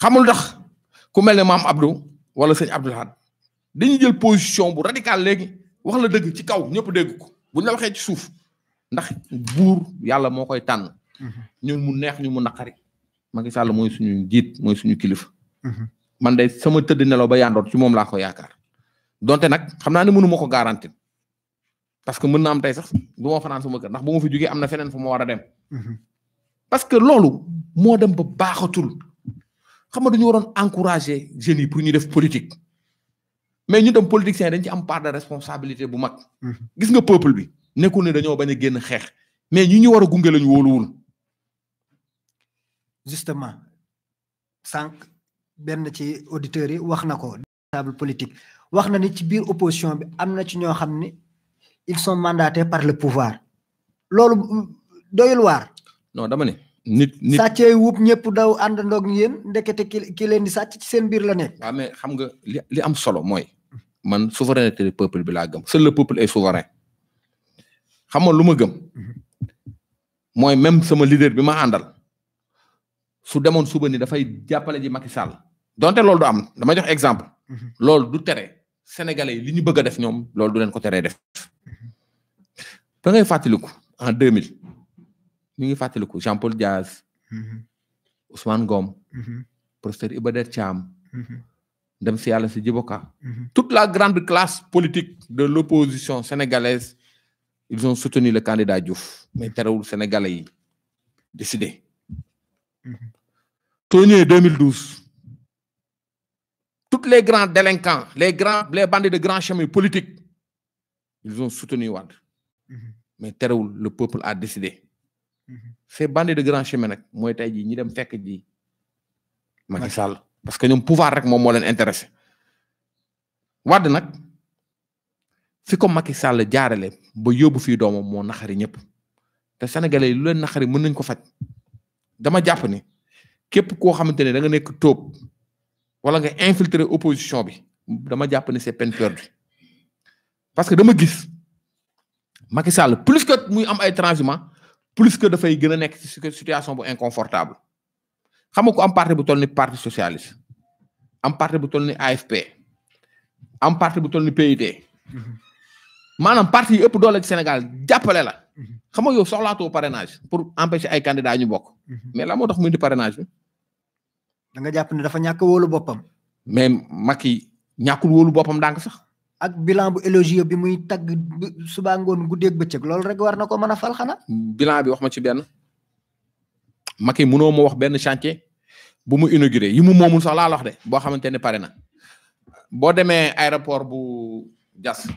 xamul tax ku mel ne maam Abdou wala sëñ Abdou Lahad dañuy jël position bu radicale léegi wax la dëgg ci kaw ñëpp dëgg ko buñ la waxee ci suuf ndax buur yàlla moo koy tànn. Mhm. ñun mu neex ñu mu naqari. Macky Sall mooy suñu njiit mooy suñu kilifa. Mhm. man de sama tëdd nelaw ba yaandoon ci moom laa ko yaakaar donte nag xam naa ne mënu ko garanti parce que mën na am tey sax du ma fanaan sama kër ndax bu ma fi jugee am na feneen fu ma war a dem. parce que loolu moo dem ba baaxatul xam nga dañu waroon encourager jeunes yi pour ñu def politique mais ñu dem politiciens dañ ci am part de responsabilité bu mag. Hmm. gis nga peuple bi nekku ne dañoo bañ a génn xeex mais ñi ñu war a gunge lañu wóoluwul. justement sànq benn ci auditeurs yi wax na ko. responsable politique wax na ni ci biir opposition bi am na ci ñoo xam ni ils sont mandatés par le pouvoir loolu doyul non dama ne. nit nit sàccee wuub ñëpp daw àndandoog yéen ndekete ki ki leen di sàcc ci seen biir la nekk. waaw xam nga li am solo mooy man souveraineté du peuple bi laa gëm seul le peuple est souverain xam nga lu ma gëm mooy même sama leader bi ma àndal su demoon suba ni dafay jàppale ji Macky Sall donte loolu du am dama jox exemple. loolu du tere sénégalais yi li ñu bëgg a def ñoom loolu du leen ko teree def. ba ngay a en 2000. mi ngi fàttaliku Jean Paul Diaz. Mm-hmm. Ousmane Ngom. Mm-hmm. professeur Iba Der Thiam. Mm-hmm. dem si yàlla si Djiboka. toute la grande classe politique de l'opposition sénégalaise ils ont soutenu le candidat Diouf mais terewul sénégalais yi décidé. Togné 2012 toutes les grands délinquants les grands les bandits de grands chemins politiques ils ont soutenu Wade mais terewul le peuple a décidé. ces bandits de grand chemin nag mooy tey jii ñi dem fekk ji Macky parce que ñoom pouvoir rek moom moo leen intéressé Wade nag fi ko Macky Sall jaarale ba yóbbu fii doomam moo naxari ñëpp te sénégalais yi lu leen naxari mën nañ ko faj dama jàpp ni képp koo xamante ne danga nga nekk tóob wala nga infiltrer opposition bi dama jàpp ne c'est peine perdue parce que dama gis Macky Sall plus que muy am ay transhumants plus que dafay gën a nekk ci situation bo inconfortable xam nga ko am parti bu toll ni parti socialiste am parti bu tol ni AFP am parti bu toll ni PIT maanaam parti yi ëpp doole Sénégal jàppale la xam nga yow soxlaatoo parrainage pour empêcher ay candidats ñu bokk. mais la moo tax muy indi parrainage bi. da nga jàpp ne dafa ñàkk wóolu boppam. mais Macky ñàkkul wóolu boppam ndànk sax. ak bilan bu élogieux bi muy tagg suba ngoon guddeeg bëccëg loolu rek war na ko mën a fal xanaa. bi wax ma ci benn Macky mënoo ma wax benn chantier bu mu inauguré yi mu moomul sax laa de boo xamante ne pare na boo demee aéroport bu Diass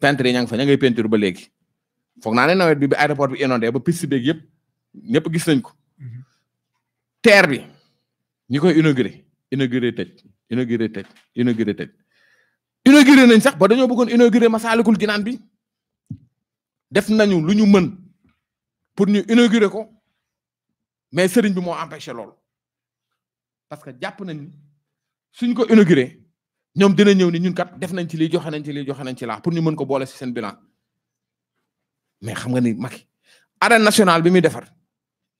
peintre yi ña nga fa ña ngay peinture ba léegi foog naa ne nawet bi bi aéroport bi inondé ba piste beeg yëpp ñëpp gis nañ ko mhm. terre bi ñi koy inauguré inauguré tëj inauguré tëj inauguré tëj. inauguré nañ sax ba dañoo bëggoon inauguré Masaalikul Jinaan bi def nañu lu ñu mën pour ñu inauguré ko mais sëriñ bi moo empêché lool parce que jàpp nañ suñ ko inauguré ñoom dina ñëw nii ñun kat def nañ ci lii joxe nañ ci lii joxe nañ ci laa pour ñu mën ko boole si seen bilan mais xam nga ni Macky arène nationale bi muy defar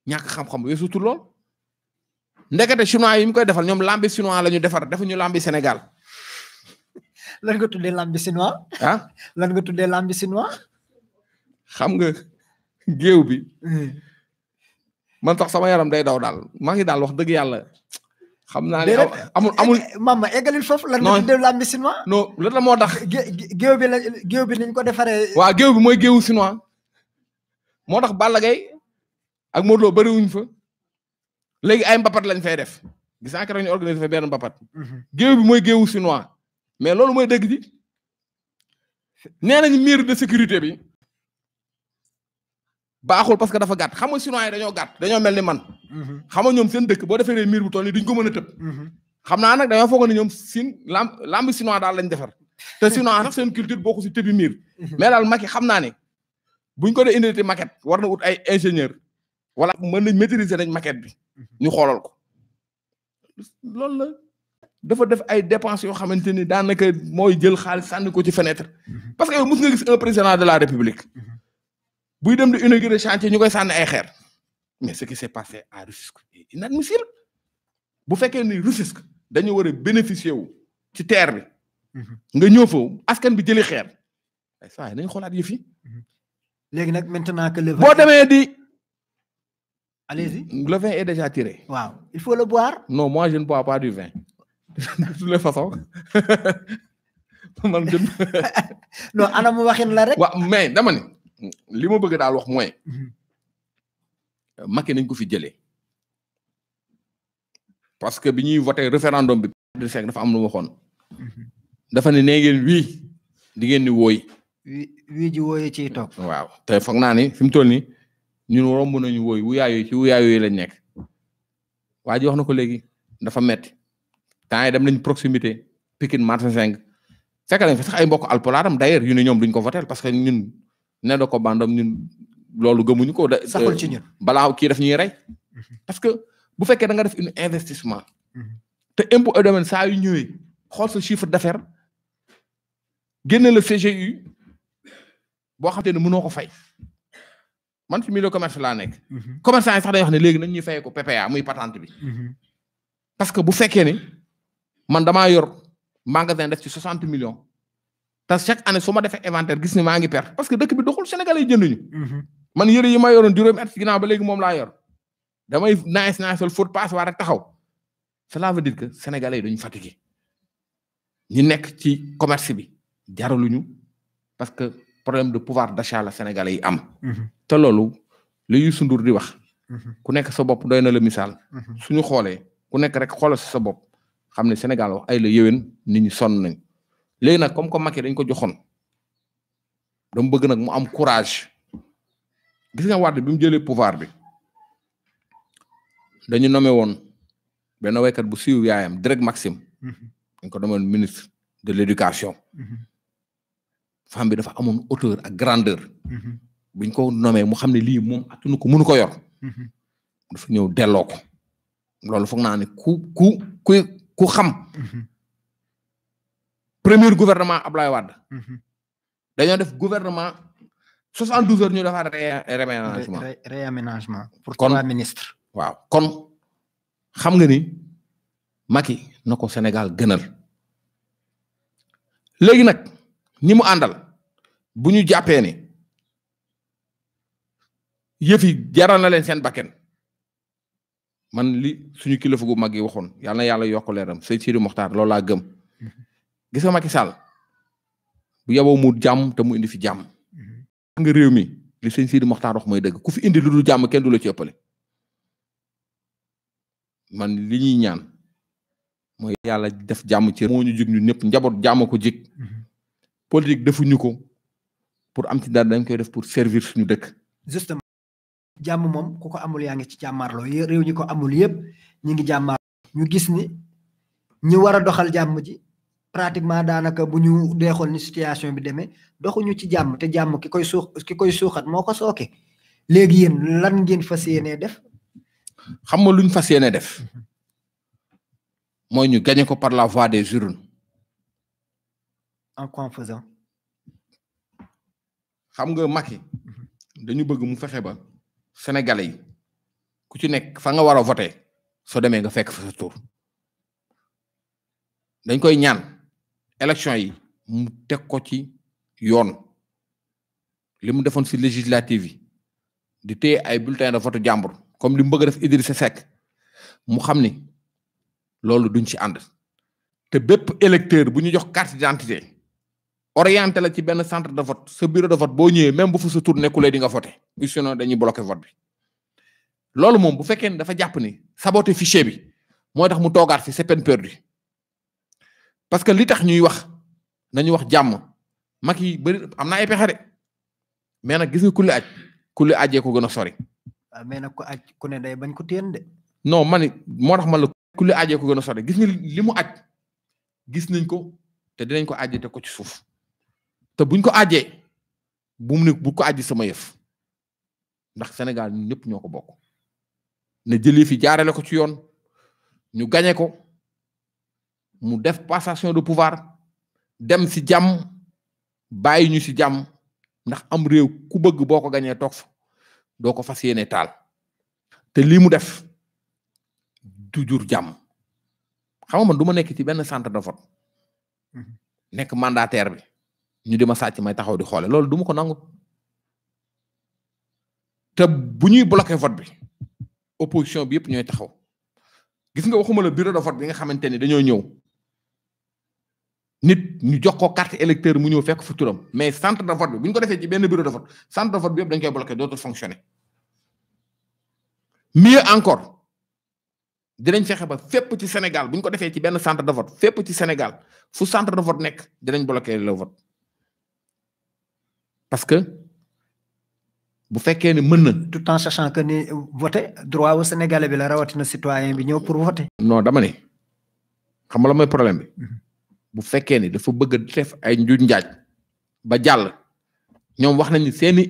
ñàkk xam-xam weesutul lool ndekete chinois yi mu koy defar ñoom lambi chinois la ñu defar defuñu lambi Sénégal. lan nga tuddee lambi chinois. ah lan nga tuddee lambi chinois. xam nga géew bi. Hmm. man tax sama yaram day daw daal maa ngi daal wax dëgg yàlla. xam naa ne amul amul eh, eh, mama eggalil foofu lan nga tuddee lambi chinois. non lan la moo tax. géew bi la géew bi niñ ko defaree. waaw géew bi mooy géewu chinois. moo tax Balla Gaye ak Modou Lo bëriwuñ fa. léegi ay mbapat lañ fay def. gis naa keroog ñu organisé fa benn mbapat. Mhm. géew bi mooy géewu chinois. mais loolu mooy dëgg di nee nañ mur de sécurité bi baaxul parce que dafa gàtt xam nga chinois yi dañoo gàtt dañoo mel ni man. Mhm. xam nga ñoom seen dëkk boo defee mur bu toll nii duñ ko mën a tëb. Mhm. xam naa nag dañoo foog ne ñoom siin lam lamb chinois daal lañ defar te chinois sax seen culture bokku si tëbi miir mhm. mais daal Macky xam naa ne buñ ko de indi ti war na ut ay ingénieur wala mën nañ maîtriser nañ maquette bi ñu xoolal ko dafa def ay dépenses yoo xamante ni daanaka mooy jël xaal sànni ko ci fenêtre parce que yow mos nga gis un président de la république buy dem une inaugurer chantier ñu koy sànni ay xeer mais ce qui s'est passé à Rufisque est inadmissible bu fekkee ni Rufisque dañu war a bénéficier wu ci terre bi nga ñëw foofu askan bi jëli xeer ay saa yi nañ xoolaat yëf yi léegi nag maintenant que le boo demee di allez le vin est déjà tiré waaw il faut le boire non mois je ne bois pas du vin du la façon man gën. non anam la rek. waaw mais dama ne li ma bëgg daal wax mooy. Mhm. Macky nañ ko fi jëlee. parce que bi ñuy voté référendum bi. dafa am lu mu waxoon. Mhm. dafa ne nee wii di ngeen di wooy. wii wii ji ci ciy toog. waaw te foog naa ni fi mu toll nii ñun romb nañu wooy wuyaayoo ci wuyaayoo lañ nekk. waa ji wax na ko léegi dafa metti temps yi dem nañ proximité Pikine Marché 5 fekk nañ fa sax ay mbokk alpolaaram d'ailleurs yu ne ñoom duñ ko votel parce que ñun ne da ko bandam ñun loolu gëmuñu ko. saxul ci ñun euh, balaa kii daf ñuy rey. Mhm. parce que bu fekkee da nga def in investissement. Mhm. te impôt et domaine saa yu xool sa chiffre d'affaires génne la CGU boo xam te ne mënoo ko fay. man mi milieu commerce laa nekk. Mhm. commerçant yi sax day ne léegi nañ ñuy fay ko PPA muy patente bi. parce que bu fekkee man damaa yor magasin def ci 60 million te chaque année su ma defee inventaire gis ni maa ngi perte parce que dëkk bi doxul Sénégalais yi jënduñu. Mhm. man yëre yi ma yor juróomi at ci ginnaaw ba léegi moom laa yor damay nice nice foot pass waa rek taxaw cela veut dire que Sénégalais yi dañu fatigué ñi nekk ci commerce bi jaraluñu parce que problème de pouvoir d'achat la Sénégalais yi am. Mhm. te loolu li Youssou Ndour di wax. Mhm. ku nekk sa bopp doy na la misaal. suñu xoolee ku nekk rek xoolal si sa bopp. xam ne Sénégal wax ay la yéwén nit ñi sonn nañ léegi nag comme que Macky dañ ko joxoon dama bëgg nag mu am courage gis nga Wade bi mu jële pouvoir bi dañu nommé woon benn waykat bu siiw yaayam Derek Maxime mm-hmm. dañ ko doon ministre de l'éducation mm-hmm. femme bi dafa amoon hauteur ak grandeur mm-hmm. biñ ko nommé mu xam ne lii moom attunu ko mënu ko yor dafa ñëw delloo ko loolu foog ne ku ku ku xam. Mhm. premier gouvernement Ablaye Wade. Mhm. dañoo def gouvernement 72 heures ñu defaat réaménagement. réaménagement waaw kon xam nga ni Macky na ko Sénégal gënal. léegi nag ñi mu àndal bu ñu jàppee na leen seen bakken man li suñu kilifa gu mag yi waxoon yàlla na yàlla yokk leeram sëñ Sidi Moxtaar loolu laa gëm gis nga Macky bu yaboo mu jàmm te mu indi fi jàmm. nga réew mi li sëñ Sidi Moxtaar wax mooy dëgg ku fi indi lu dul jàmm kenn du ci ëppale li ñuy ñaan mooy yàlla def jàmm ci moo ñu ñëpp njaboot jàmm ko jig politique defuñu ko pour am ci dara dañ koy def pour servir suñu dëkk. jàmm moom ku ko amul yaa ngi ci jàmmaarloo réew ñi ko amul yëpp ñi ngi jàmmaarloo ñu gis ni ñu war a doxal jàmm ji pratiquement daanaka bu ñu deexoon ni situation bi demee doxuñu ci jàmm te jàmm ki koy suux ki koy suuxat moo ko sooke léegi yéen lan ngeen fas yéenee def. xam nga luñ fas yéene def mhm. mooy ñu gagné ko par la voie des urnes. en quoi en faisant. xam nga Macky mhm. dañu bëgg mu fexe ba. sénégalais yi ku ci nekk fa nga war a voté soo demee nga fekk fa sa tur dañ koy ñaan élection yi mu teg ko ci yoon li mu defoon si législative yi di téye ay bulletin de vote jàmbur comme li mu bëgg a def Idrissa Seck mu xam ni loolu duñ ci ànd te bépp électeur bu ñu jox carte d'identité orienté la ci benn centre de vote sa bureau de vote boo ñëwee même bu fa sa tur nekkulee di nga voté sinon dañuy bloqué vote bi loolu moom bu fekkee ne dafa jàpp ni saboté fichier bi moo tax mu toogaat fi c'est peine perdue parce que li tax ñuy wax nañu wax jàmm mag yi bëri am na ay pexe mais nag gis nga ku li aj ku li ko gën a sori. waaw ah, mais nag ku aj ku ne day bañ ko téen de. non man moo tax man la ku li ko gën a sori gis nga li mu aj gis nañ ko te dinañ ko ajee ko ci suuf. te buñ ko àjjee bu ne bu ko àjji sama yëf ndax Sénégal ñun ñëpp ñoo ko bokk na jëlee fi jaarale ko ci yoon ñu gañe ko mu def passation de pouvoir dem si jàmm bàyyi ñu si jàmm ndax am réew ku bëgg boo ko gañee toog fa doo ko fas yéene taal te lii mu def du jur jàmm xam nga man du nekk ci benn centre de vote mhm. nekk mandataire bi. ñu di ma sàcc may taxaw di xoole loolu du ma ko nangu te bu ñuy bloqué vote bi opposition bi yëpp ñooy taxaw gis nga waxuma la bureau de vote bi nga xamante ni dañoo ñëw nit ñu jox ko carte électeur mu ñëw fekk fu turam mais centre de vote bi bu ñu ko defee ci benn bureau de vote centre de vote bi yëpp dañ koy bloqué dootul fonctionner mieux encore dinañ fexe ba fépp ci Sénégal bu ñu ko defee ci benn centre de vote fépp ci Sénégal fu centre de vote nekk dinañ bloqué le parce que bu fekkee ne mën na. tout en sachant que ni voter droit wu Sénégalais bi rawatina citoyen bi ñëw pour voter. non dama ne xam nga la mooy problème mhm. bu fekkee ne dafa bëgg a ay njuuj njaaj ba jàll ñoom wax nañ ni seeni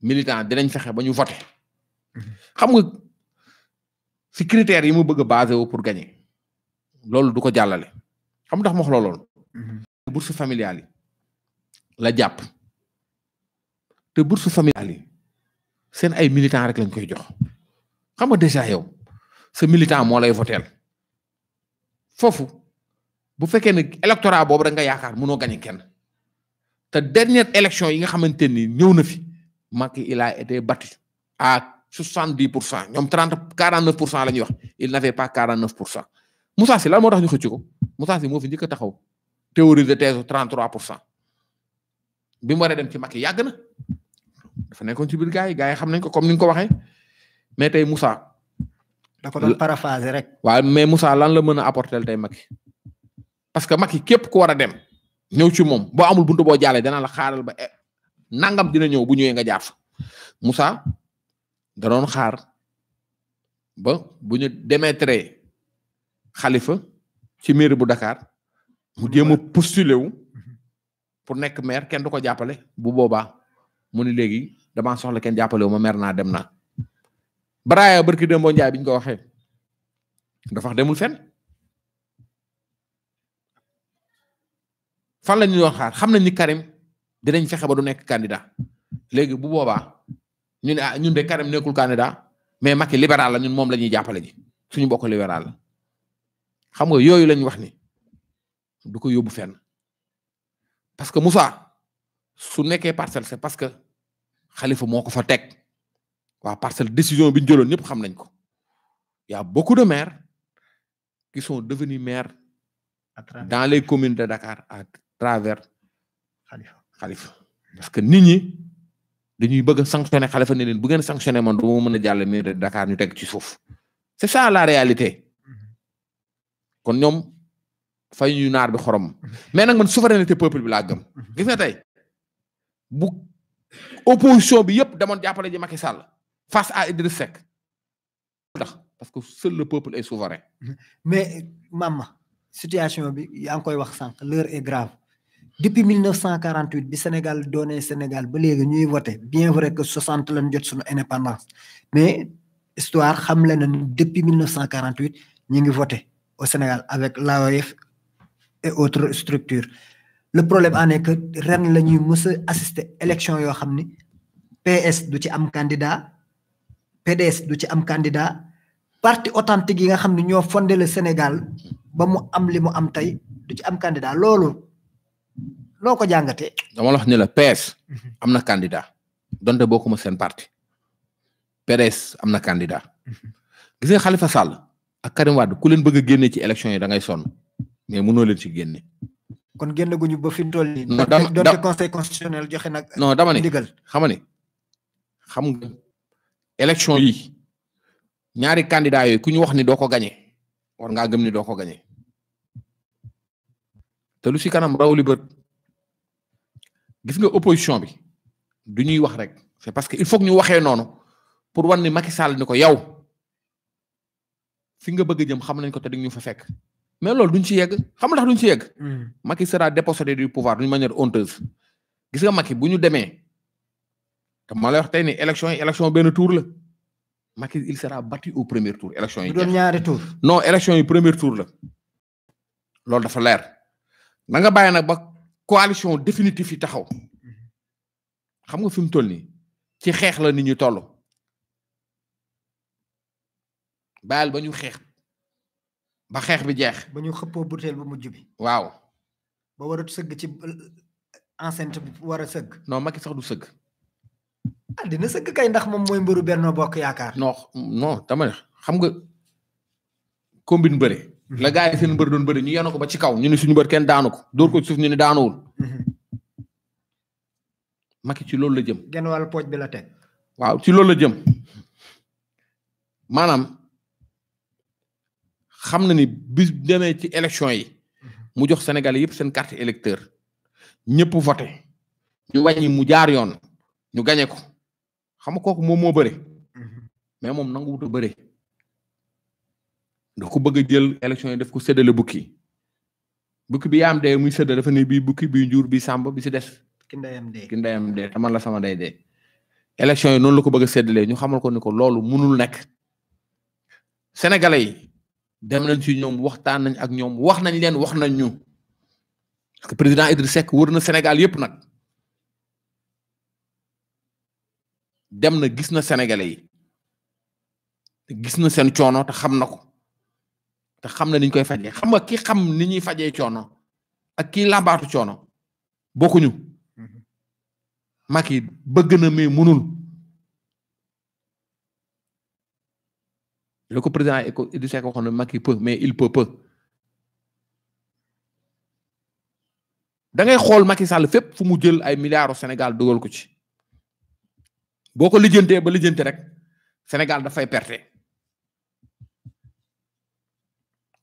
militant dinañ fexe ba ñu voter mhm. xam nga si critères yi mu bëgg a basé wo pour gagner loolu du ko jàllale xam ndax ma wax loolu. Mhm. bourse yi la jàpp. te bourse familiale yi seen ay militant rek lañ koy jox xam nga déjà yow sa militant moo lay voteel foofu bu fekkee ne électorat boobu rek nga yaakaar mënoo gañe kenn te dernière élection yi nga xamante ni ñëw na fi Macky il a été battu a soixante dix pour cent ñoom trente quarante neuf pour cent la ñuy wax il n'avait pas quarante neuf pour cent Moussa Sy moo tax ñu xëcc ko Moussa Sy moo fi njëkk a taxaw théorie de trente trois pour cent bi mu waree dem yàgg na dafa nekkoon ci biir gars yi xam nañ ko comme ni nga ko waxee mais tey Moussa. da ko doon paraphasé rek. waaw mais Moussa lan la mën a apporter tey Macky parce que Macky képp ku war a dem ñëw ci moom boo amul buntu boo jaale dana la xaaral ba eh, nangam dina ñëw bu ñëwee nga jaar fa Moussa xaar ba bu ñu démettre Khalifa ci mairie bu Dakar mu jéem a postuler wu mhm. pour nekk maire kenn du ko jàppale bu boobaa mu ne léegi damaa soxla kenn jàppale wu ma mer naa dem naa. Baraya barki Demba Ndiaye bi ñu ko waxee dafa demul fenn fan la ñu doon xaar xam nañ ni Karim dinañ fexe ba du nekk candidat léegi bu boobaa ñu ne ah ñun de Karim nekkul candidat mais Macky libéral la ñun moom la ñuy jàppale ji suñu bokk libéral xam nga yooyu lañ wax ni du ko yóbbu fenn su nekkee parcelle c'est parce xalifa moo ko fa teg waa parcelle décision bi ñu jëloon ñëpp xam nañ ko y a beaucoup de maires qui sont devenus maires dans les communes de Dakar à travers xalifa xalifa parce que nit ñi dañuy bëgg a sanctionné xalifa ne leen bu ngeen sanctionné man du ma mën a jàll Dakar ñu teg ci suuf c'est ça la réalité mhm. kon ñoom fay ñu naar bi xorom mhm. mais nag man souveraineté peuple bi laa gëm mhm. tey bu opposition bi yëpp demoon jàppale ji Macky Sall face à Idriss Seck ndax parce que seul le peuple est souverain. mais Mama situation bi yaa ngi koy wax sànq l'heure est grave depuis 1948 bi Sénégal doonee Sénégal ba léegi ñuy voté bien vrai que 60 lañ jot suñu indépendance mais histoire xam le nañu depuis 1948 ñu ngi voté au Sénégal avec l'AOF et autres structures. le problème en est que ren la ñuy mës a assister élection yoo xam ni PS du ci am candidat PDS du ci am candidat parti authentique yi nga xam ne ñoo fondé le Sénégal ba mu am li mu am tey du ci am candidat loolu loo ko jàngatee. dama la wax ne la PS. Mhm. am na candidat donte bokkuma seen parti PDS am na candidat mhm. gis nga Khalifa Sall ak Karim Wade ku leen bëgg a génne ci élection yi da ngay sonn mais mënoo leen ci génne. kon génn guñu ba fi mu toll nii. non dama donte conseil constitutionnel joxe nag. non dama ne ndigal xam ne xam nga. élection yi ñaari kandida yooyu ku ñu wax ni doo ko gañe war ngaa gëm ni doo ko gañe te lu si kanam raw li bët gis nga opposition bi du ñuy wax rek c'est parce que il faut que ñu waxee noonu pour wan ni Macky Sall ni ko yow fi nga bëgg jëm xam nañ ko te dañ ñu fa fekk. mais loolu duñ ci yegg xam ndax duñ ci yegg. Hmm. Macky sera dépossédé du pouvoir d'une manière honteuse. gis nga Macky bu ñu demee te ma lay wax tey ni élection yi élection benn tour la Macky il sera battu au premier tour. élection yi doon ñaari tour non élection yi premier tour la. loolu dafa leer na nga bàyyi nag ba coalition définitive yi taxaw xam nga fi mu toll nii ci xeex la nit ñi toll bàyyil ba ñu xeex. ba xeex bi jeex. ba ñu xëppoo butéel bu mujj bi. waaw. ba war a sëgg ci euh, enceinte bi war a sëgg. non Macky sax du sëgg. ah dina sëgg kay ndax moom mooy mbëru benn Bokk Yaakaar. non non dama xam nga combine bëre. Mhm. la gars yi seen mbër doon bëri ñu yenu ko ba ci kaw ñu ni suñu mbër kenn daanu ko dóor suuf ñu ne daanuwul. Mhm. Macky ci loolu la jëm. genn wàllu pooj bi la teg. waaw ci loolu la jëm maanaam xam na ni bis demee ci élection yi mu jox Sénégalais yëpp seen carte électeur ñëpp voté ñu wàññi mu jaar yoon ñu gañe ko xam nga kooku moom moo bëre mais moom nangu wut a bëre da ko bëgg a jël élection yi daf ko séddale bukki bukki bi yaam de muy séddale dafa ne bii bukki bii njuur bi sàmb bi si des ki ndeyam dee ki ndeyam dee la sama day dee élection yi noonu la ko bëgg a séddalee ñu xamal ko ni ko loolu munul nekk sénégalais yi dem nañ ci ñoom waxtaan nañ ak ñoom wax nañ leen wax nañ ñu président Idriss Seck wër na Sénégal yëpp nag dem na gis na Sénégalais yi te gis na seen coono te xam na ko te xam na ni koy faje xam nga ki xam ni ñuy fajee coono ak kii làmbaatu coono bokkuñu. Mm-hmm. Macky bëgg na mais mënul. le ko président Idrissa Seck waxoon na Macky peut mais il peut peu da xool Macky Sall fépp fu mu jël ay milliaro au Sénégal dugal ko ci boo ko lijjantee ba lijjante rek Sénégal dafay perte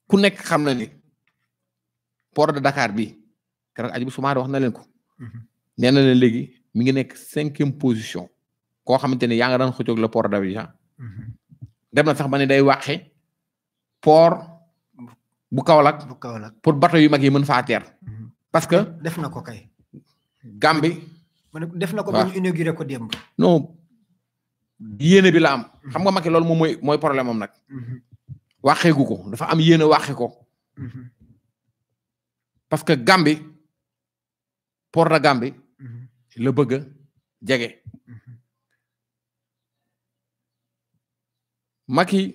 ku nekk xam na ni port de Dakar bi keroog aji bu sumaare wax na leen ko mhm. nee na leen léegi mi ngi nekk cinquième position koo xamante ne yaa nga daan xëccoog le port d'Abidjan mhm. dem na sax ba ne day wàqe port bu Kaolack. bu Kaolack pour bateau yu mag yi mën faa teer. Mhm. parce que def na ko kay. Gambie. def na ko ba ñu inauguré ko démb. non yéene bi la am. Mhm. xam nga Macky loolu moom mooy mooy nag. Mhm. waxeegu ko dafa am yéene waxe ko. parce que Gambie port de Gambie la bëgg a jege. Macky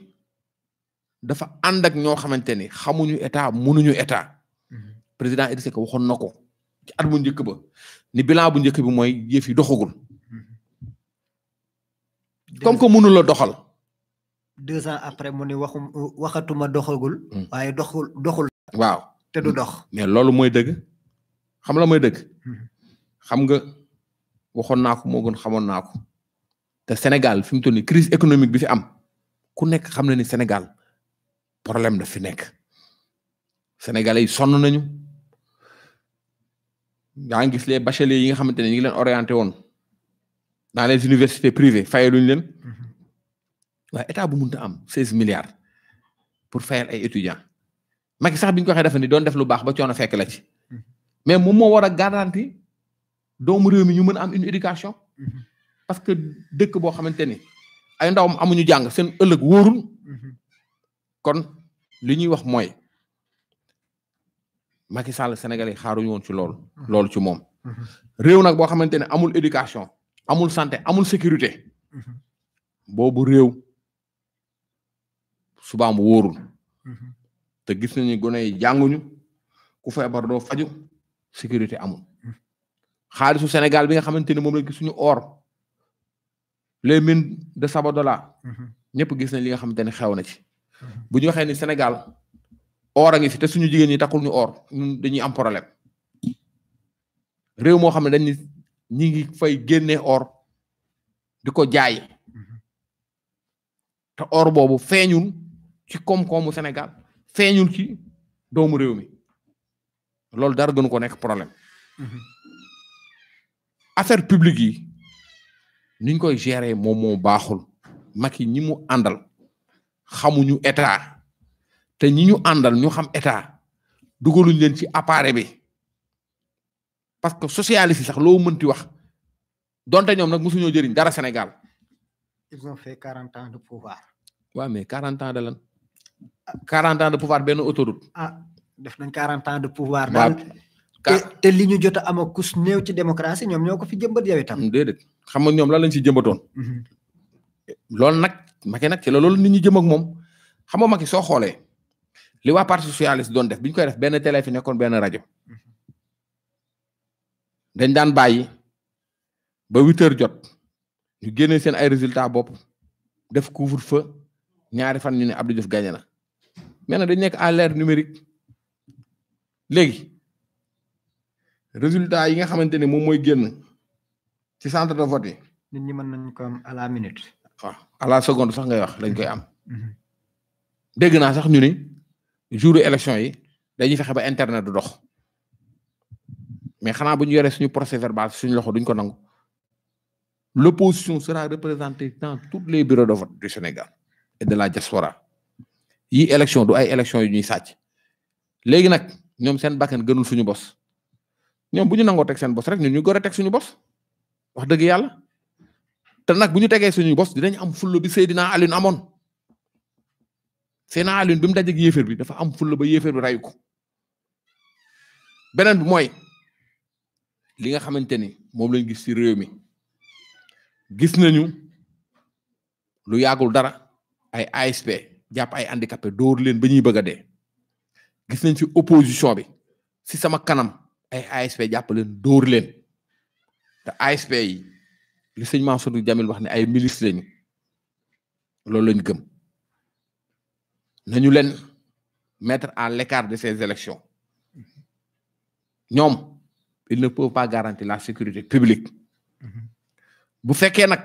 dafa ànd ak ñoo xamante ni xamuñu état mënuñu état mhm. président Idrissa Seck waxoon na ko ci at bu njëkk ba ni bilan bu njëkk bi mooy yëf yi doxagul. Mhm. comme que mënu doxal. deux ans après mu ni waxum waxatuma doxagul. Hmm. waaye doxul doxul. waaw te du dox. mais loolu mooy dëgg xam la mooy dëgg. Hmm. xam nga waxoon naa ko moo xamoon naa ko te Sénégal fi mu toll nii crise économique bi fi am. ku nekk xam na ni Sénégal problème daf fi nekk sénégalais yi sonn nañu yaa ngi gis les bacheliers yi nga xamante ne ñu ngi leen orienté woon dans les universités privées fayaluñ leen mhm. waa état bu mënta am seize milliards pour fayal ay étudiants Macky sax bi ko waxee dafa ni doon def lu baax ba coono fekk la ci mhm. mais moom moo war a garanti doomu réew mi ñu mën a am une éducation mhm. parce que dëkk boo xamante ni. ay ndawam amuñu jàng seen ëllëg wóorul mhm. kon li ñuy wax mooy Macky Sall Sénégal yi xaaruñu woon ci lool mhm. loolu ci moom. Mhm. réew nag boo xamante ne amul éducation amul santé amul sécurité. boobu réew subaam wóorul. te gis nañu gone yi jànguñu ku feebar doo faju sécurité amul. xaalisu Sénégal bi nga xamante ne moom la gis or. les mines de Sabadola. Mhm. ñëpp gis nañ li nga xamante ne xew na ci. Mhm. bu ñu waxee ni Sénégal or a ngi fi te suñu jigéen ñi takkul ñu or ñun dañuy am problème réew moo xam ne dañ ni ngi fay génnee or di ko jaay mhm. te or boobu feeñul ci koom-koomu Sénégal feeñul ci doomu réew mi loolu dara gënu ko nekk problème affaire publique yi. ni koy gérer moom moo baaxul Macky ñi mu àndal xamuñu état te ñi ñu àndal ñu xam état dugaluñ leen ci appareil bi parce que socialiste yi sax loo mënti wax donte ñoom nag mosuñoo jëriñ dara Sénégal. ils ont fait quarante ans de pouvoir. waaw mais quarante ans de lan. quarante ans de pouvoir benn autoroute. ah def nañ quarante ans de pouvoir. daal te li ñu jot a am a kus néew ci démocratie ñoom ñoo ko fi jëmbat yow itam. déedéet. xam nga ñoom lan lañ si jëmbatoon. Mhm. loolu nag Macky nag ci la loolu nit ñi jëm ak moom xam nga Macky soo xoolee li waa parti socialiste doon def bi koy def benn télé fi nekkoon rajo mhm. dañ daan bàyyi ba huit jot ñu génne seen ay résultat bopp def couvre-feu ñaari fan ñu ne Abdou Diouf gagné na mais dañ nekk à l'ère numérique léegi résultats yi nga xamante ne moom mooy génn. ci centre de vote yi. nit ñi mën nañ ko la minute. waaw à la seconde sax ngay wax lañ koy am. Mhm. dégg naa sax ñu ni jour élection yi dañuy fexe ba internet du dox mais xanaa bu ñu yoree suñu procès verbal suñ loxo duñ ko nangu l'opposition sera représentée dans tous les bureaux de vote du Sénégal et de la diaspora yi élection du ay élection yu ñuy sàcc léegi nag ñoom seen bakkan gënul suñu bos ñoom bu ñu nangoo teg seen bos rek ñun ñu gën a teg suñu bos. wax dëgg yàlla te nag bu ñu tegee suñuy bos dinañ am fulla bi Seydina Alioune amoon Seydina Alioune bi mu dajeeg yéeféer bi dafa am fulla ba yéeféer bi rayu ko beneen bi mooy li nga xamante ni moom lañ gis ci réew mi gis nañu lu yàggul dara ay ASP jàpp ay handicapé dóor leen ba ñuy bëgg a dee gis nañ ci opposition bi si sama kanam ay ASP jàpp leen dóor leen te ASP yi li sëñ Mansour Jamil wax ne ay milice lañu loolu lañu gëm nañu leen mettre en l'écart de ces élections ñoom ils ne peuvent pas garantir la sécurité publique bu fekkee nag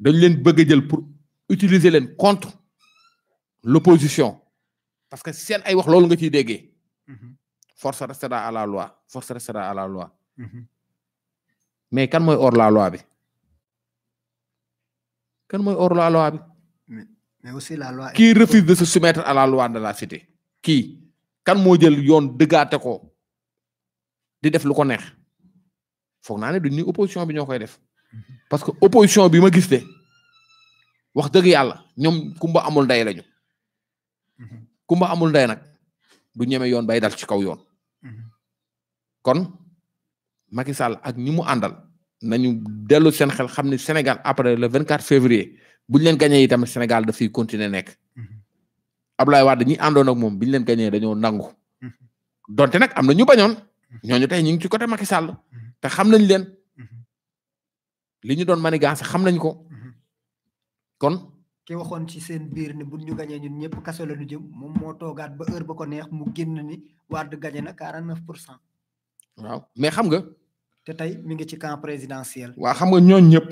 dañ leen bëgg jël pour utiliser leen contre l'opposition parce que seen ay wax loolu nga ciy déggee mhm. force restera à la loi force restera à la loi mhm. mais kan mooy hors la loi bi kan mooy hors la loi bi. mais aussi la loi. qui de se soumettre à la loi de la kii kan moo jël yoon dëggaate ko di def lu ko neex foog naa ne du ni opposition bi ñoo koy def parce que opposition bi ma gis de wax dëgg yàlla ñoom kumba amul ndey lañu. Mhm. kumba amul ndey nag du ñeme yoon bay dal ci kaw yoon mhm. kon. Macky Sall ak ñi mu àndal nañu dellu seen xel xam ne Sénégal après le 24 février bu ñu leen gagné itam Sénégal dafay continuer nekk mhm. Abdoulaye Wade ñi àndoon ak moom bi ñu leen gagné dañoo nangu mhm. donte nag am na ñu bañoon mhm. ñooñu tey ñu ngi ci côté Macky Sall te xam nañ leen li ñu doon manigance xam nañ ko kon. ki waxoon ci seen biir ni bu ñu gañee ñun ñëpp kaso la ñu jëm moo toogaat ba heure bo ko neex mu génn ni Wade gañe na 49 pour cent. waaw mais xam nga. te tey mi ngi ci camp présidentiel. waa xam nga ñooñ ñëpp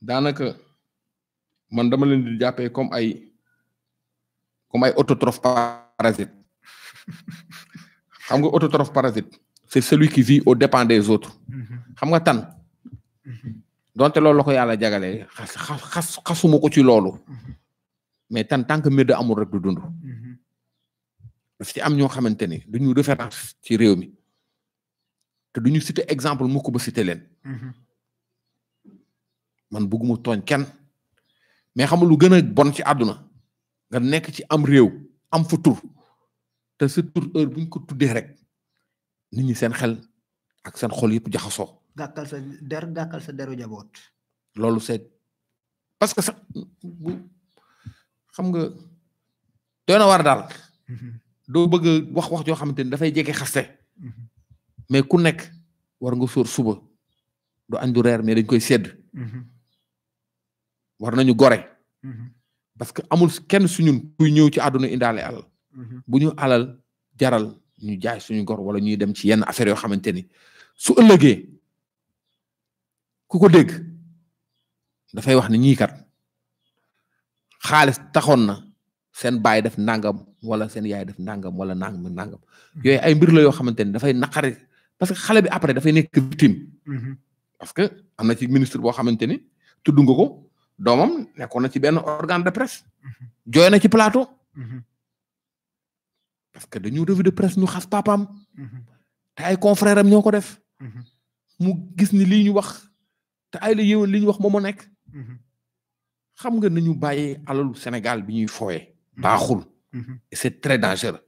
daanaka man dama leen di jàppee comme ay comme ay autotrophe parasite xam nga autotrophe parasite c'est celui qui vit aux dépens des autres. Mm-hmm. xam nga tan mm-hmm. donte loolu la ko yàlla jagalee xa xas xasuma ko ci loolu mm-hmm. mais tan tant que mbir amul rek du dund. daf am ñoo xamante ni duñu référence ci réew mi. te du ñu citer exemple mu ko ba citer leen. Mhm. man bëgguma tooñ kenn. mais xam lu gën a bon ci àdduna nga nekk ci am réew am fa tur te sa tur heure bu ñu ko tuddee rek nit ñi seen xel ak seen xol yëpp jaxasoo. gàkkal sa der gàkkal sa deru jaboot. loolu c'est parce que sax xam nga doy na war daal. Mhm. doo bëgg wax wax joo xamante ni dafay jege xaste. mais ku nekk war nga sóor suba du añ du reer mais dañ koy sedd mhm. war nañu gore mhm. parce que amul kenn suñun kuy ñëw ci àdduna indaale alal mhm. bu ñu alal jaral ñu jaay suñu gor wala ñuy dem ci yenn affaire yoo xamante ni su ëllëgee ku ko dégg dafay wax ne ñii kat xaalis taxoon na seen baay def nangam wala seen yaay def nangam wala nangam nangam yooyu ay mbir la yoo xamante ni dafay naqari parce que xale bi après dafay nekk victime. Mhm. parce que am na ci ministre boo xamante ni tudd nga ko doomam nekkoon na ci benn organe de presse. Mhm. jooy na ci plateau. Mhm. parce que dañu revue de presse ñu xas papaam. te ay confrères am ko def. mu gis ni lii ñu wax te ay la yéwoon li ñu wax moom moo nekk. xam nga ñu bàyyi alalu Sénégal bi ñuy fooye baaxul. et c'est très dangereux.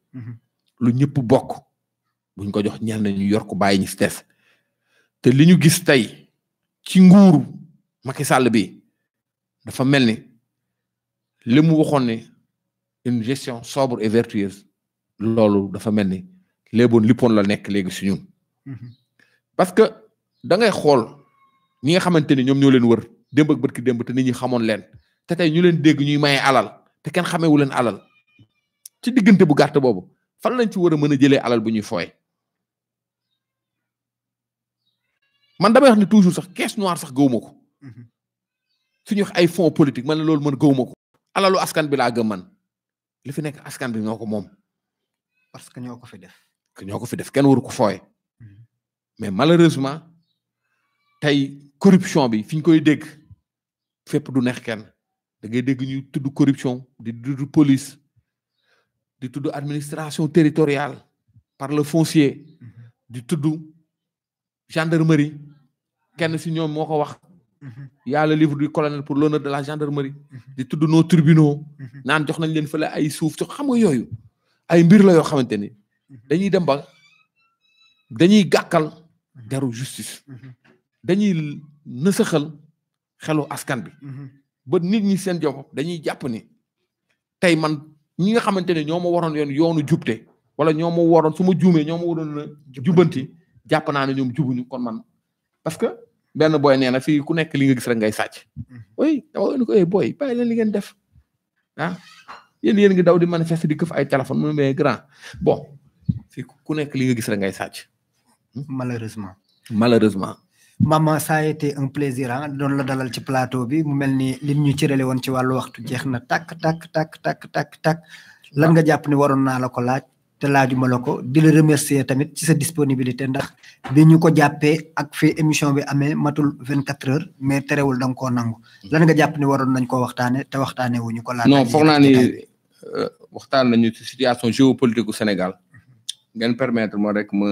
lu ñëpp bokk. buñ ko jox ñel nañu yor ko bàyyi ñu si te li ñu gis tey ci nguuru Macky Sall bi dafa mel ni li mu waxoon ne une gestion sobre et vertueuse loolu dafa mel ni boon lippoon la nekk léegi si ñun mhm. parce que da ngay xool ñi nga xamante ni ñoom ñoo leen wër démb ak bët ki démb te nit ñi xamoon leen te tey ñu leen dégg ñuy maye alal te kenn xamewu leen alal ci diggante bu gàtt boobu fan lañ ci war a mën a jëlee alal bu ñuy fooy man damay wax ne toujours sax caisse noire sax gëwuma ko mhm. suñu wax ay fonds politique man ne loolu man gëwuma ko alalu askan bi laa gëm man li fi nekk askan bi ñoo ko moom parce que ñoo ko fi def que ñoo ko fi def kenn waru ko fooye mhm. mais malheureusement tey corruption bi fi ñu koy dégg fépp du neex kenn da ngay dégg ñuy tudd corruption di tudd police di tudd administration territoriale par le foncier mhm. di tudd gendarmerie kenn si ñoom moo ko wax mhm. y a livre du colonel pour l'honneur de la gendarmerie mhm. di tudd nos tribunaux mhm. naan jox nañ leen fële ay suuf jox xam nga yooyu ay mbir la yoo xamante ni dañuy dem ba dañuy gàkkal deru justice dañuy nësaxal xelu askan bi ba nit ñi seen jox dañuy jàpp ni tey man ñi nga xamante ne ñoo ma waroon yoon yoonu jubte wala ñoo ma waroon su ma juumee ñoo ma waroon na jubanti naa ne ñoom jubuñu kon man parce que benn booy nee na fii ku nekk li nga gis ngay sàcc mm-hmm. oui dama leen ko eh, booy bàyyi leen li ngeen def ah yéen yéen daw di manifester di këf ay téléphone mu mais grand bo fii ku nekk li nga gis rek ngay sàcc. malheureusement. malheureusement. maman ça a été un plaisir ah doon la dalal ci plateau bi mu mel ni lim ñu cërale woon ci wàllu waxtu jeex na takk takk takk takk takk takk lan nga jàpp ni waroon naa la ko laaj. te laajuma la ko di la remercier tamit ci sa disponibilité ndax bi ñu ko jàppee ak fi émission bi amee matul vingt quatre heures mais terewul da nga koo nangu lan nga jàpp ne waroon nañ koo waxtaane te waxtaane wuñu ko laaj non foog naa euh, waxtaan nañu ci situation géopolitique gu Sénégal ngeen permettre ma rek ma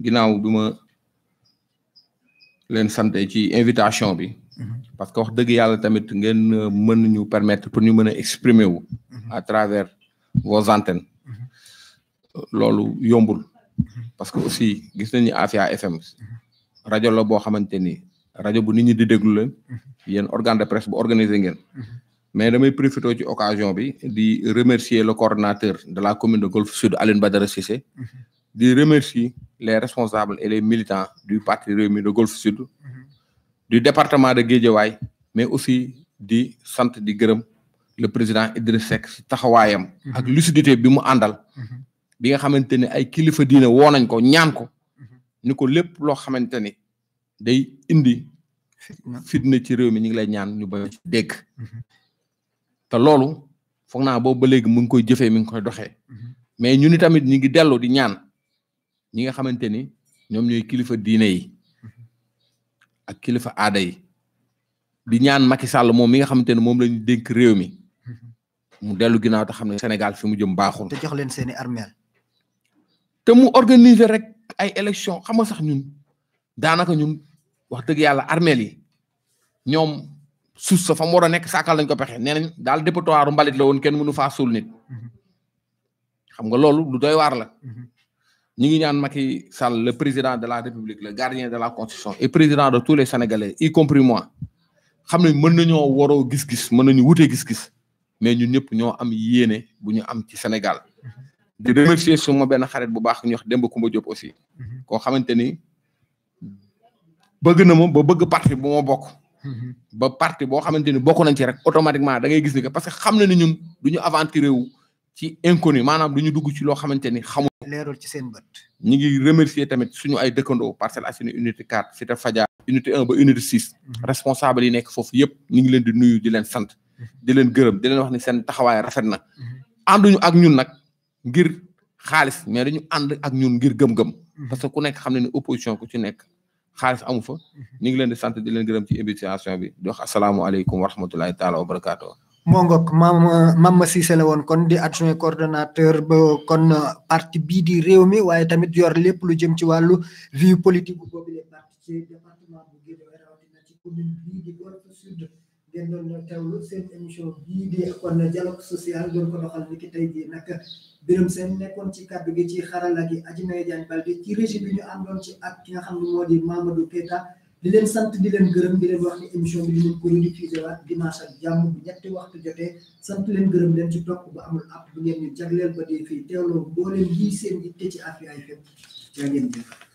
ginnaaw bi ma leen sant ci invitation bi mhm. parce que wax dëgg yàlla tamit ngeen euh, mën ñu permettre pour ñu mën a exprimer wu mhm. à travers vos antennes loolu yombul parce que aussi gis nañu Afia FM rajo la boo xamante ni rajo bu nit ñi di déglu la yéen organe de presse bu organisé ngeen mais damay profité ci occasion bi di remercier le coordonnateur de la commune de Golfe Sud Aline Badara Cissé di remercier les responsables et les militants du parti Rewmi de Golfe Sud du département de Guédiawaye mais aussi di sant di gërëm le président Idriss Seck si taxawaayam ak lucidité bi mu àndal bi nga xamante ne ay kilifa diine woo nañ ko ñaan ko mhm. ni ko lépp loo xamante ni day indi fitna ci réew mi ñu ngi lay ñaan ñu ba ci dégg mhm. loolu foog naa boobu ba léegi mu ngi koy jëfee mi ngi koy doxe mhm. mais ñu ni tamit ñu ngi dellu di ñaan ñi nga xamante ni ñoom ñooy kilifa diine yi ak kilifa aada yi di ñaan Macky Sall moom mi nga xamante ne moom la ñu dénk réew mi mu dellu ginnaaw te xam ne Sénégal fi mu jëm baaxul. te jox leen seeni armeel te mu organiser rek ay élection xam nga sax ñun daanaka ñun wax dëgg yàlla armeel yi ñoom suuf sa fa mu war a nekk saakal lañ ko pexe nee nañ daal dépotoiru mbalit la woon kenn mënu faa suul nit xam nga loolu lu doy waar la ñu ngi ñaan Macky Sall le président de la République le gardien de la constitution et président de tous les Sénégalais y compris xam ne mën nañoo waroo gis-gis mën nañu wutee gis-gis mais ñun ñëpp ñoo am yéene bu ñu am ci Sénégal di remercier suma benn xarit bu baax ñu wax Demba Kumba Diop aussi. Mhm. koo xamante ni bëgg na ma ba bëgg parti bu bokk. Mhm. ba parti boo xamante ni bokk nañ ci rek automatiquement da ngay gis ni que parce que xam ne ni ñun du ñu aventuré wu ci inconnu maanaam du ñu dugg ci loo xamante ni xamu leerul ci seen bët. ñu ngi remercier tamit suñu ay dëkkandoo Parcelles Assainies unité 4 Cité Fadia unité 1 ba unité 6. Mhm. responsable yi nekk foofu yëpp ñu ngi leen di nuyu di leen sant. di leen gërëm di leen wax ni seen taxawaay rafet na. ngir xaalis mais dañu ànd ak ñun ngir gëm-gëm. Mhm. parce que ku nekk xam ne ne opposition ku ci nekk xaalis amu fa. Mhm. ñu ngi leen di sant di leen gërëm ci invitation bi di wax asalaamualeykum wa rahmatulahi taala wa barakaatu. moo ngoog Mama Mama Cissé woon kon di adjoint coordonnateur ba kon parti bii di réew mi waaye tamit yor lépp lu jëm ci wàllu vie politique boobu la parti ci département bu Guédiawaye rawatina ci commune bii di Golf Sud. ngeen doon ñoo teewlu seen émission bii di kon dialogue social doon ko doxal ni ki tey jii nag Birame Sène nekkoon ci kàddu gi ci xarala gi aji Maye Diagne Balde ci régie bi ñu àndoon ci ak ki nga xam ne moo di Mamadou Keita di leen sant di leen gërëm di leen wax ni émission bi dinañ ko rediffusé waat dimanche ak jàmm bu ñetti waxtu jotee sant leen gërëm leen ci topp ba amul app bu ngeen ñu jagleel ba dee fii teewloo boo leen lii seen yitte ci Afia FM jaa ngeen